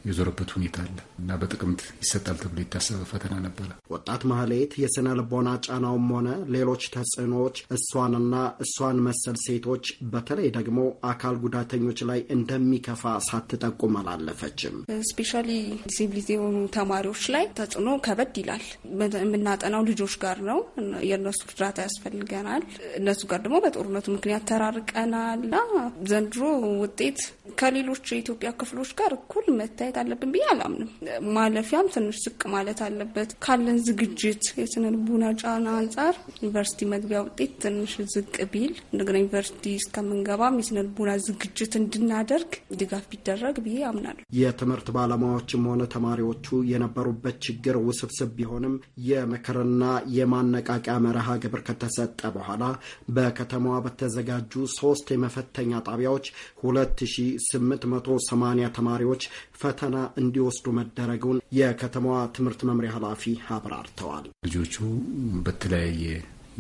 የዞረበት ሁኔታ አለ እና በጥቅምት ይሰጣል ተብሎ የታሰበ ፈተና ነበረ። ወጣት ማህሌት የስነ ልቦና ጫናውም ሆነ ሌሎች ተጽዕኖዎች እሷንና እሷን መሰል ሴቶች በተለይ ደግሞ አካል ጉዳተኞች ላይ እንደሚከፋ ሳትጠቁም አላለፈችም። ስፔሻሊ ዲሴብሊቲ የሆኑ ተማሪዎች ላይ ተጽዕኖ ከበድ ይላል። የምናጠናው ልጆች ጋር ነው። የእነሱ እርዳታ ያስፈልገናል። እነሱ ጋር ደግሞ በጦርነቱ ምክንያት ተራርቀናል እና ዘንድሮ ውጤት ከሌሎች የኢትዮጵያ ክፍሎች ጋር እኩል መታየት አለብን ብዬ አላምንም። ማለፊያም ትንሽ ዝቅ ማለት አለበት። ካለን ዝግጅት የስነ ልቡና ጫና አንጻር ዩኒቨርሲቲ መግቢያ ውጤት ትንሽ ዝቅ ቢል እንደገና ዩኒቨርሲቲ እስከምንገባም የስነ ልቡና ዝግጅት እንድናደርግ ድጋፍ ቢደረግ ብዬ አምናለሁ። የትምህርት ባለሙያዎችም ሆነ ተማሪዎቹ የነበሩበት ችግር ውስብስብ ቢሆንም የምክርና የማነቃቂያ መርሃ ግብር ከተሰጠ በኋላ በከተማዋ በተዘጋጁ ሶስት የመፈተኛ ጣቢያዎች ሁለት ሺህ 880 ተማሪዎች ፈተና እንዲወስዱ መደረጉን የከተማዋ ትምህርት መምሪያ ኃላፊ አብራርተዋል። ልጆቹ በተለያየ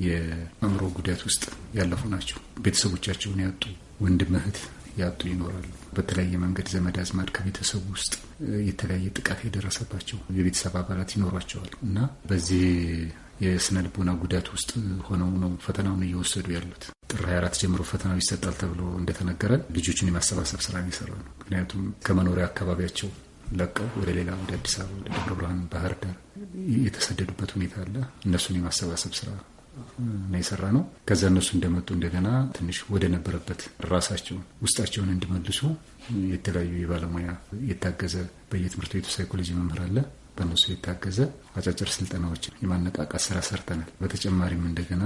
የአእምሮ ጉዳት ውስጥ ያለፉ ናቸው። ቤተሰቦቻቸውን ያጡ፣ ወንድም እህት ያጡ ይኖራሉ። በተለያየ መንገድ ዘመድ አዝማድ ከቤተሰቡ ውስጥ የተለያየ ጥቃት የደረሰባቸው የቤተሰብ አባላት ይኖሯቸዋል እና በዚህ የስነ ልቦና ጉዳት ውስጥ ሆነው ነው ፈተናውን እየወሰዱ ያሉት። ጥር 24 ጀምሮ ፈተናው ይሰጣል ተብሎ እንደተነገረ ልጆችን የማሰባሰብ ስራ የሚሰራ ነው። ምክንያቱም ከመኖሪያ አካባቢያቸው ለቀው ወደ ሌላ ወደ አዲስ አበባ፣ ወደ ደብረ ብርሃን፣ ባህር ዳር የተሰደዱበት ሁኔታ አለ። እነሱን የማሰባሰብ ስራ ነው የሰራ ነው። ከዛ እነሱ እንደመጡ እንደገና ትንሽ ወደ ነበረበት ራሳቸውን ውስጣቸውን እንዲመልሱ የተለያዩ የባለሙያ የታገዘ በየትምህርት ቤቱ ሳይኮሎጂ መምህር አለ። በእነሱ የታገዘ አጫጭር ስልጠናዎችን የማነቃቃት ስራ ሰርተናል። በተጨማሪም እንደገና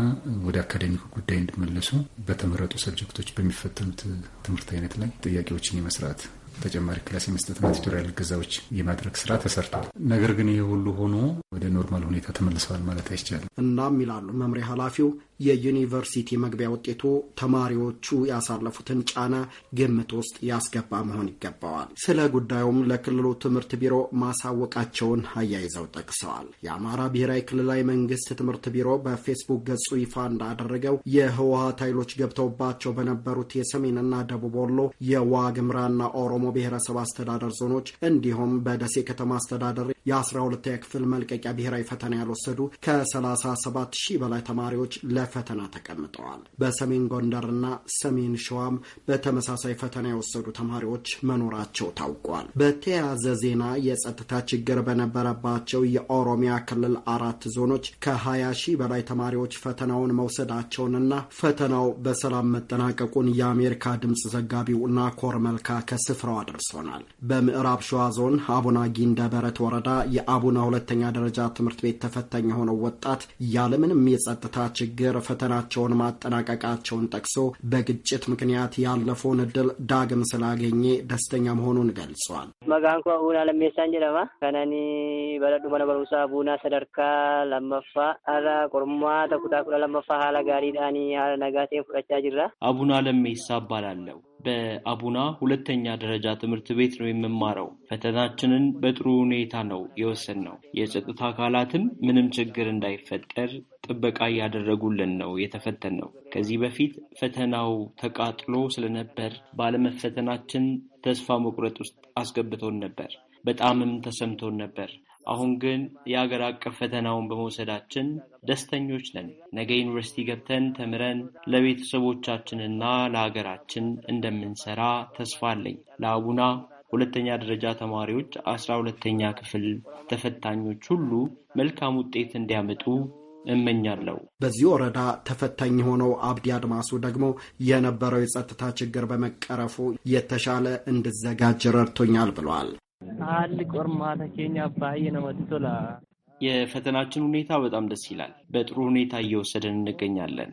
ወደ አካደሚኩ ጉዳይ እንድመለሱ በተመረጡ ሰብጀክቶች በሚፈተኑት ትምህርት አይነት ላይ ጥያቄዎችን የመስራት ተጨማሪ ክላስ የመስጠትና ቱቶሪያል ገዛዎች የማድረግ ስራ ተሰርቷል። ነገር ግን ይህ ሁሉ ሆኖ ወደ ኖርማል ሁኔታ ተመልሰዋል ማለት አይቻልም። እናም ይላሉ መምሪያ ኃላፊው የዩኒቨርሲቲ መግቢያ ውጤቱ ተማሪዎቹ ያሳለፉትን ጫና ግምት ውስጥ ያስገባ መሆን ይገባዋል። ስለ ጉዳዩም ለክልሉ ትምህርት ቢሮ ማሳወቃቸውን አያይዘው ጠቅሰዋል። የአማራ ብሔራዊ ክልላዊ መንግስት ትምህርት ቢሮ በፌስቡክ ገጹ ይፋ እንዳደረገው የህወሀት ኃይሎች ገብተውባቸው በነበሩት የሰሜንና ደቡብ ወሎ የዋግምራና ኦሮሞ ብሔረሰብ አስተዳደር ዞኖች እንዲሁም በደሴ ከተማ አስተዳደር የ12ኛ ክፍል መልቀቂያ ብሔራዊ ፈተና ያልወሰዱ ከ37 ሺህ በላይ ተማሪዎች ለ ለፈተና ተቀምጠዋል። በሰሜን ጎንደርና ሰሜን ሸዋም በተመሳሳይ ፈተና የወሰዱ ተማሪዎች መኖራቸው ታውቋል። በተያያዘ ዜና የጸጥታ ችግር በነበረባቸው የኦሮሚያ ክልል አራት ዞኖች ከ20 ሺህ በላይ ተማሪዎች ፈተናውን መውሰዳቸውንና ፈተናው በሰላም መጠናቀቁን የአሜሪካ ድምፅ ዘጋቢው ናኮር መልካ ከስፍራው አድርሶናል። በምዕራብ ሸዋ ዞን አቡና ጊንደበረት ወረዳ የአቡና ሁለተኛ ደረጃ ትምህርት ቤት ተፈታኝ የሆነው ወጣት ያለምንም የጸጥታ ችግር የሀገር ፈተናቸውን ማጠናቀቃቸውን ጠቅሶ በግጭት ምክንያት ያለፈውን እድል ዳግም ስላገኘ ደስተኛ መሆኑን ገልጿል። መጋን ኩ ቡና ለሜሳን ጀለማ ከነኒ በለዱ መነበሩሳ ቡና ሰደርካ ለመፋ አራ ቁርማ ተኩታ ለመፋ ሀላ ጋሪ ዳኒ ሀላ ነጋሴ ፍረቻ ጅራ አቡና ለሜሳ እባላለሁ በአቡና ሁለተኛ ደረጃ ትምህርት ቤት ነው የምማረው። ፈተናችንን በጥሩ ሁኔታ ነው ነው። የጸጥታ አካላትም ምንም ችግር እንዳይፈጠር ጥበቃ እያደረጉልን ነው የተፈተን ነው። ከዚህ በፊት ፈተናው ተቃጥሎ ስለነበር ባለመፈተናችን ተስፋ መቁረጥ ውስጥ አስገብቶን ነበር። በጣምም ተሰምቶን ነበር። አሁን ግን የአገር አቀፍ ፈተናውን በመውሰዳችን ደስተኞች ነን። ነገ ዩኒቨርሲቲ ገብተን ተምረን ለቤተሰቦቻችንና ለሀገራችን እንደምንሰራ ተስፋ አለኝ። ለአቡና ሁለተኛ ደረጃ ተማሪዎች አስራ ሁለተኛ ክፍል ተፈታኞች ሁሉ መልካም ውጤት እንዲያመጡ እመኛለሁ። በዚህ ወረዳ ተፈታኝ የሆነው አብዲ አድማሱ ደግሞ የነበረው የጸጥታ ችግር በመቀረፉ የተሻለ እንድዘጋጅ ረድቶኛል ብሏል። የፈተናችን ሁኔታ በጣም ደስ ይላል። በጥሩ ሁኔታ እየወሰደን እንገኛለን።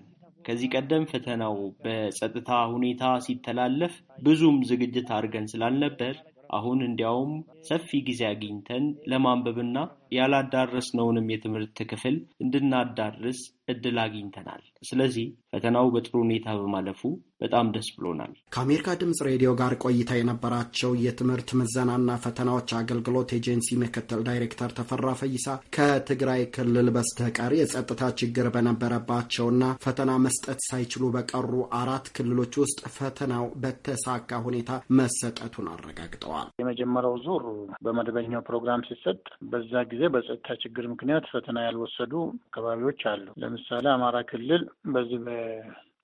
ከዚህ ቀደም ፈተናው በጸጥታ ሁኔታ ሲተላለፍ ብዙም ዝግጅት አድርገን ስላልነበር አሁን እንዲያውም ሰፊ ጊዜ አግኝተን ለማንበብና ያላዳረስነውንም የትምህርት ክፍል እንድናዳርስ እድል አግኝተናል። ስለዚህ ፈተናው በጥሩ ሁኔታ በማለፉ በጣም ደስ ብሎናል። ከአሜሪካ ድምፅ ሬዲዮ ጋር ቆይታ የነበራቸው የትምህርት ምዘናና ፈተናዎች አገልግሎት ኤጀንሲ ምክትል ዳይሬክተር ተፈራ ፈይሳ ከትግራይ ክልል በስተቀር የጸጥታ ችግር በነበረባቸውና ፈተና መስጠት ሳይችሉ በቀሩ አራት ክልሎች ውስጥ ፈተናው በተሳካ ሁኔታ መሰጠቱን አረጋግጠዋል። የመጀመሪያው ዙር በመደበኛው ፕሮግራም ሲሰጥ በዛ ጊዜ ጊዜ በጸጥታ ችግር ምክንያት ፈተና ያልወሰዱ አካባቢዎች አሉ። ለምሳሌ አማራ ክልል በዚህ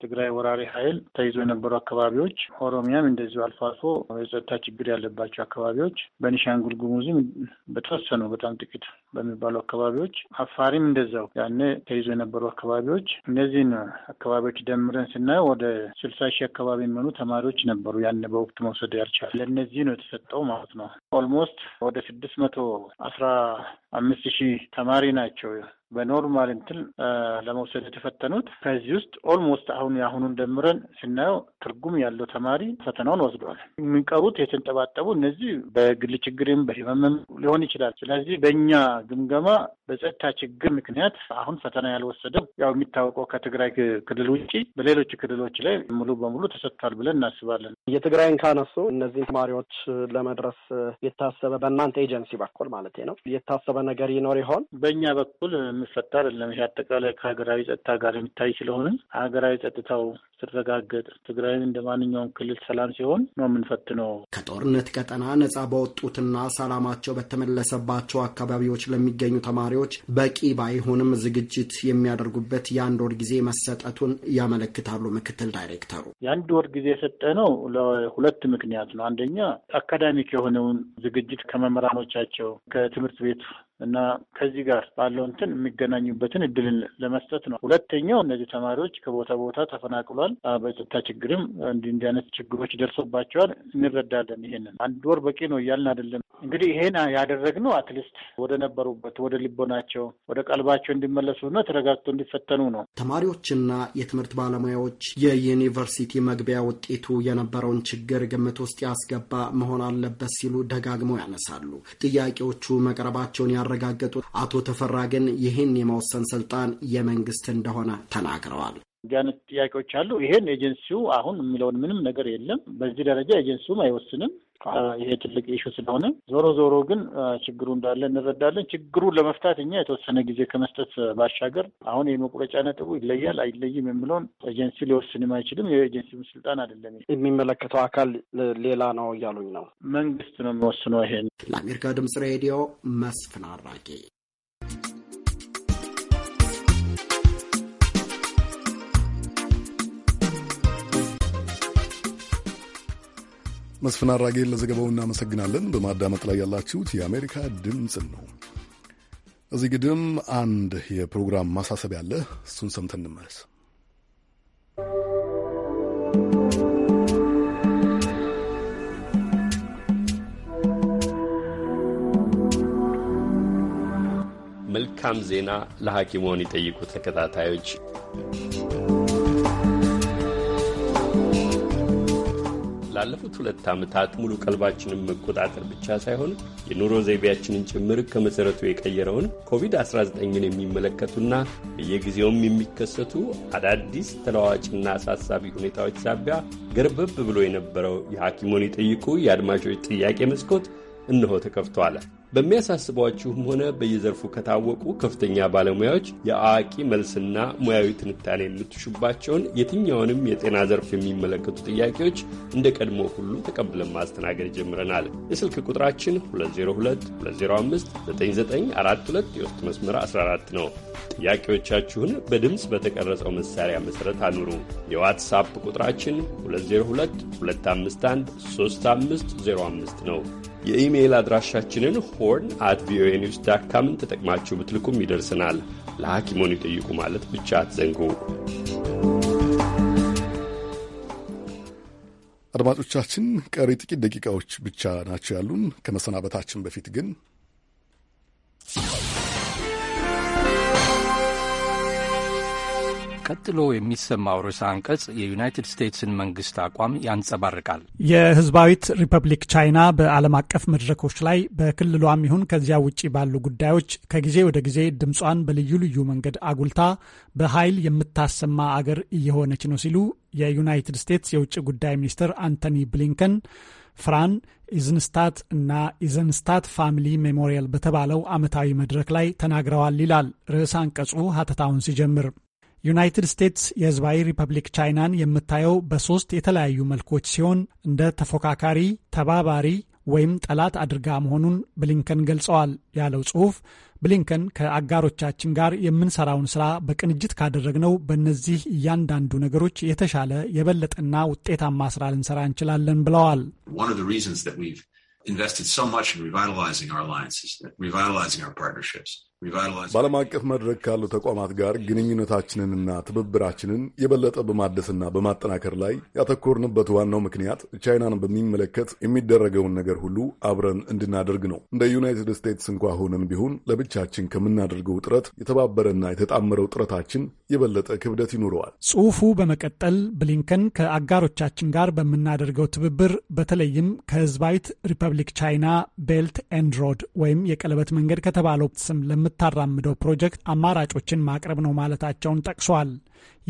ትግራይ ወራሪ ኃይል ተይዞ የነበሩ አካባቢዎች፣ ኦሮሚያም እንደዚሁ አልፎ አልፎ የጸጥታ ችግር ያለባቸው አካባቢዎች፣ በኒሻንጉል ጉሙዝም በተወሰኑ በጣም ጥቂት በሚባሉ አካባቢዎች፣ አፋሪም እንደዛው ያኔ ተይዞ የነበሩ አካባቢዎች። እነዚህን አካባቢዎች ደምረን ስናየው ወደ ስልሳ ሺህ አካባቢ የሚሆኑ ተማሪዎች ነበሩ ያን በወቅት መውሰድ ያልቻል ለእነዚህ ነው የተሰጠው ማለት ነው። ኦልሞስት ወደ ስድስት መቶ አስራ አምስት ሺህ ተማሪ ናቸው በኖርማል እንትን ለመውሰድ የተፈተኑት ከዚህ ውስጥ ኦልሞስት አሁን የአሁኑን ደምረን ስናየው ትርጉም ያለው ተማሪ ፈተናውን ወስደዋል። የሚቀሩት የተንጠባጠቡ እነዚህ በግል ችግርም በህመምም ሊሆን ይችላል። ስለዚህ በእኛ ግምገማ በጸጥታ ችግር ምክንያት አሁን ፈተና ያልወሰደው ያው የሚታወቀው ከትግራይ ክልል ውጭ በሌሎች ክልሎች ላይ ሙሉ በሙሉ ተሰጥቷል ብለን እናስባለን። የትግራይን ካነሱ እነዚህን ተማሪዎች ለመድረስ የታሰበ በእናንተ ኤጀንሲ በኩል ማለት ነው የታሰበ ነገር ይኖር ይሆን? በእኛ በኩል የሚፈታ አይደለም። ይሄ አጠቃላይ ከሀገራዊ ጸጥታ ጋር የሚታይ ስለሆነ ሀገራዊ ጸጥታው ስትረጋገጥ ትግራይን እንደ ማንኛውም ክልል ሰላም ሲሆን ነው የምንፈትነው። ከጦርነት ቀጠና ነጻ በወጡትና ሰላማቸው በተመለሰባቸው አካባቢዎች ለሚገኙ ተማሪዎች በቂ ባይሆንም ዝግጅት የሚያደርጉበት የአንድ ወር ጊዜ መሰጠቱን ያመለክታሉ ምክትል ዳይሬክተሩ። የአንድ ወር ጊዜ የሰጠ ነው ለሁለት ምክንያት ነው። አንደኛ አካዳሚክ የሆነውን ዝግጅት ከመምህራኖቻቸው ከትምህርት ቤት እና ከዚህ ጋር ባለው እንትን የሚገናኙበትን እድልን ለመስጠት ነው። ሁለተኛው እነዚህ ተማሪዎች ከቦታ ቦታ ተፈናቅሏል። በጸጥታ ችግርም እንዲህ እንዲህ አይነት ችግሮች ደርሶባቸዋል። እንረዳለን። ይሄንን አንድ ወር በቂ ነው እያልን አይደለም። እንግዲህ ይሄን ያደረግነው አትሊስት ወደ ነበሩበት ወደ ልቦናቸው ወደ ቀልባቸው እንዲመለሱና ተረጋግቶ እንዲፈተኑ ነው። ተማሪዎችና የትምህርት ባለሙያዎች የዩኒቨርሲቲ መግቢያ ውጤቱ የነበረውን ችግር ግምት ውስጥ ያስገባ መሆን አለበት ሲሉ ደጋግመው ያነሳሉ። ጥያቄዎቹ መቅረባቸውን ያ ያረጋገጡት አቶ ተፈራ ግን ይህን የመወሰን ስልጣን የመንግስት እንደሆነ ተናግረዋል። እንዲህ ጥያቄዎች አሉ። ይሄን ኤጀንሲው አሁን የሚለውን ምንም ነገር የለም። በዚህ ደረጃ ኤጀንሲውም አይወስንም። ይሄ ትልቅ ኢሹ ስለሆነ ዞሮ ዞሮ ግን ችግሩ እንዳለ እንረዳለን። ችግሩን ለመፍታት እኛ የተወሰነ ጊዜ ከመስጠት ባሻገር አሁን የመቁረጫ ነጥቡ ይለያል አይለይም የሚለውን ኤጀንሲ ሊወስንም አይችልም። የኤጀንሲ ስልጣን አይደለም፣ የሚመለከተው አካል ሌላ ነው እያሉኝ ነው። መንግስት ነው የሚወስነው ይሄን። ለአሜሪካ ድምጽ ሬዲዮ መስፍን አራቂ መስፍን አራጌን ለዘገባው እናመሰግናለን። በማዳመጥ ላይ ያላችሁት የአሜሪካ ድምፅን ነው። እዚህ ግድም አንድ የፕሮግራም ማሳሰብ ያለ እሱን ሰምተን እንመለስ። መልካም ዜና ለሐኪሞን ይጠይቁ ተከታታዮች ላለፉት ሁለት ዓመታት ሙሉ ቀልባችንን መቆጣጠር ብቻ ሳይሆን የኑሮ ዘይቤያችንን ጭምር ከመሠረቱ የቀየረውን ኮቪድ-19ን የሚመለከቱና በየጊዜውም የሚከሰቱ አዳዲስ ተለዋዋጭና አሳሳቢ ሁኔታዎች ሳቢያ ገርበብ ብሎ የነበረው የሐኪሞን ይጠይቁ የአድማጮች ጥያቄ መስኮት እነሆ ተከፍቷል። በሚያሳስቧችሁም ሆነ በየዘርፉ ከታወቁ ከፍተኛ ባለሙያዎች የአዋቂ መልስና ሙያዊ ትንታኔ የምትሹባቸውን የትኛውንም የጤና ዘርፍ የሚመለከቱ ጥያቄዎች እንደ ቀድሞ ሁሉ ተቀብለን ማስተናገድ ጀምረናል። የስልክ ቁጥራችን 2022059942 የውስጥ መስመር 14 ነው። ጥያቄዎቻችሁን በድምፅ በተቀረጸው መሳሪያ መሠረት አኑሩ። የዋትሳፕ ቁጥራችን 2022513505 ነው። የኢሜይል አድራሻችንን ሆርን አት ቪኦኤ ኒውስ ዳት ካምን ተጠቅማችሁ ብትልኩም ይደርስናል። ለሐኪሞን ይጠይቁ ማለት ብቻ አትዘንጉ። አድማጮቻችን ቀሪ ጥቂት ደቂቃዎች ብቻ ናቸው ያሉን። ከመሰናበታችን በፊት ግን ቀጥሎ የሚሰማው ርዕሰ አንቀጽ የዩናይትድ ስቴትስን መንግስት አቋም ያንጸባርቃል። የህዝባዊት ሪፐብሊክ ቻይና በዓለም አቀፍ መድረኮች ላይ በክልሏም ይሁን ከዚያ ውጭ ባሉ ጉዳዮች ከጊዜ ወደ ጊዜ ድምጿን በልዩ ልዩ መንገድ አጉልታ በኃይል የምታሰማ አገር እየሆነች ነው ሲሉ የዩናይትድ ስቴትስ የውጭ ጉዳይ ሚኒስትር አንቶኒ ብሊንከን ፍራን ኢዝንስታት እና ኢዘንስታት ፋሚሊ ሜሞሪያል በተባለው ዓመታዊ መድረክ ላይ ተናግረዋል ይላል ርዕሰ አንቀጹ ሀተታውን ሲጀምር ዩናይትድ ስቴትስ የህዝባዊ ሪፐብሊክ ቻይናን የምታየው በሶስት የተለያዩ መልኮች ሲሆን እንደ ተፎካካሪ፣ ተባባሪ ወይም ጠላት አድርጋ መሆኑን ብሊንከን ገልጸዋል ያለው ጽሑፍ ብሊንከን ከአጋሮቻችን ጋር የምንሰራውን ስራ በቅንጅት ካደረግነው በእነዚህ እያንዳንዱ ነገሮች የተሻለ የበለጠና ውጤታማ ስራ ልንሰራ እንችላለን ብለዋል። ኢንቨስትድ ሶ ማች በዓለም አቀፍ መድረክ ካሉ ተቋማት ጋር ግንኙነታችንንና ትብብራችንን የበለጠ በማደስና በማጠናከር ላይ ያተኮርንበት ዋናው ምክንያት ቻይናን በሚመለከት የሚደረገውን ነገር ሁሉ አብረን እንድናደርግ ነው። እንደ ዩናይትድ ስቴትስ እንኳ ሆነን ቢሆን ለብቻችን ከምናደርገው ጥረት የተባበረና የተጣመረው ጥረታችን የበለጠ ክብደት ይኖረዋል። ጽሑፉ በመቀጠል ብሊንከን ከአጋሮቻችን ጋር በምናደርገው ትብብር በተለይም ከህዝባዊት ሪፐብሊክ ቻይና ቤልት ኤንድ ሮድ ወይም የቀለበት መንገድ ከተባለው ስም ለምታራምደው ፕሮጀክት አማራጮችን ማቅረብ ነው ማለታቸውን ጠቅሷል።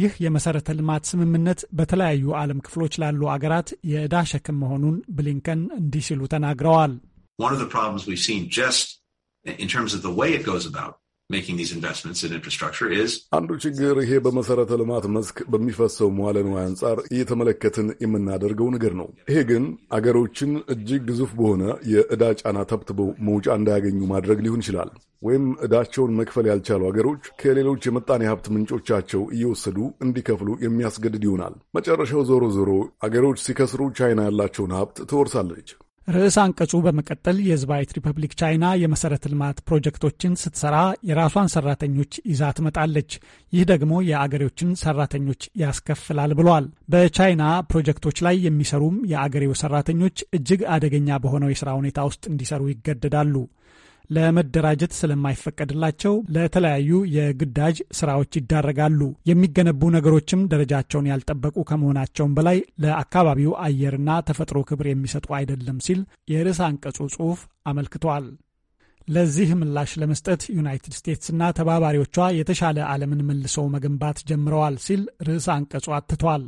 ይህ የመሰረተ ልማት ስምምነት በተለያዩ ዓለም ክፍሎች ላሉ አገራት የዕዳ ሸክም መሆኑን ብሊንከን እንዲህ ሲሉ ተናግረዋል። አንዱ ችግር ይሄ በመሰረተ ልማት መስክ በሚፈሰው መዋለ ንዋይ አንጻር እየተመለከትን የምናደርገው ነገር ነው። ይሄ ግን አገሮችን እጅግ ግዙፍ በሆነ የዕዳ ጫና ተብትበው መውጫ እንዳያገኙ ማድረግ ሊሆን ይችላል። ወይም ዕዳቸውን መክፈል ያልቻሉ አገሮች ከሌሎች የምጣኔ ሀብት ምንጮቻቸው እየወሰዱ እንዲከፍሉ የሚያስገድድ ይሆናል። መጨረሻው ዞሮ ዞሮ አገሮች ሲከስሩ ቻይና ያላቸውን ሀብት ትወርሳለች። ርዕስ አንቀጹ በመቀጠል የህዝባዊት ሪፐብሊክ ቻይና የመሰረተ ልማት ፕሮጀክቶችን ስትሰራ የራሷን ሰራተኞች ይዛ ትመጣለች። ይህ ደግሞ የአገሬዎችን ሰራተኞች ያስከፍላል ብሏል። በቻይና ፕሮጀክቶች ላይ የሚሰሩም የአገሬው ሰራተኞች እጅግ አደገኛ በሆነው የስራ ሁኔታ ውስጥ እንዲሰሩ ይገደዳሉ። ለመደራጀት ስለማይፈቀድላቸው ለተለያዩ የግዳጅ ስራዎች ይዳረጋሉ። የሚገነቡ ነገሮችም ደረጃቸውን ያልጠበቁ ከመሆናቸውም በላይ ለአካባቢው አየርና ተፈጥሮ ክብር የሚሰጡ አይደለም ሲል የርዕስ አንቀጹ ጽሑፍ አመልክቷል። ለዚህ ምላሽ ለመስጠት ዩናይትድ ስቴትስና ተባባሪዎቿ የተሻለ ዓለምን መልሰው መገንባት ጀምረዋል ሲል ርዕስ አንቀጹ አትቷል።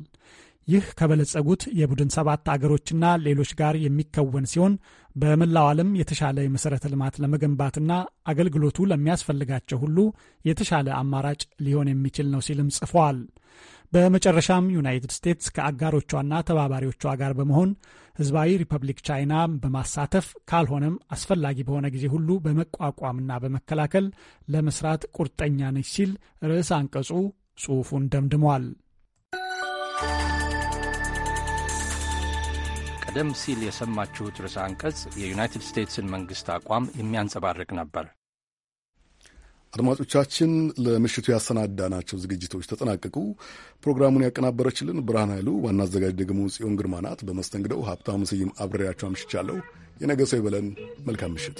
ይህ ከበለጸጉት የቡድን ሰባት አገሮችና ሌሎች ጋር የሚከወን ሲሆን በመላው ዓለም የተሻለ የመሠረተ ልማት ለመገንባትና አገልግሎቱ ለሚያስፈልጋቸው ሁሉ የተሻለ አማራጭ ሊሆን የሚችል ነው ሲልም ጽፏል። በመጨረሻም ዩናይትድ ስቴትስ ከአጋሮቿና ተባባሪዎቿ ጋር በመሆን ህዝባዊ ሪፐብሊክ ቻይና በማሳተፍ ካልሆነም አስፈላጊ በሆነ ጊዜ ሁሉ በመቋቋምና በመከላከል ለመስራት ቁርጠኛ ነች ሲል ርዕስ አንቀጹ ጽሑፉን ደምድሟል። ቀደም ሲል የሰማችሁት ርዕሰ አንቀጽ የዩናይትድ ስቴትስን መንግሥት አቋም የሚያንጸባርቅ ነበር። አድማጮቻችን፣ ለምሽቱ ያሰናዳናቸው ዝግጅቶች ተጠናቀቁ። ፕሮግራሙን ያቀናበረችልን ብርሃን ኃይሉ፣ ዋና አዘጋጅ ደግሞ ጽዮን ግርማ ናት። በመስተንግደው ሀብታሙ ስይም አብሬያቸው አምሽቻለሁ። የነገ ሰው ይበለን። መልካም ምሽት።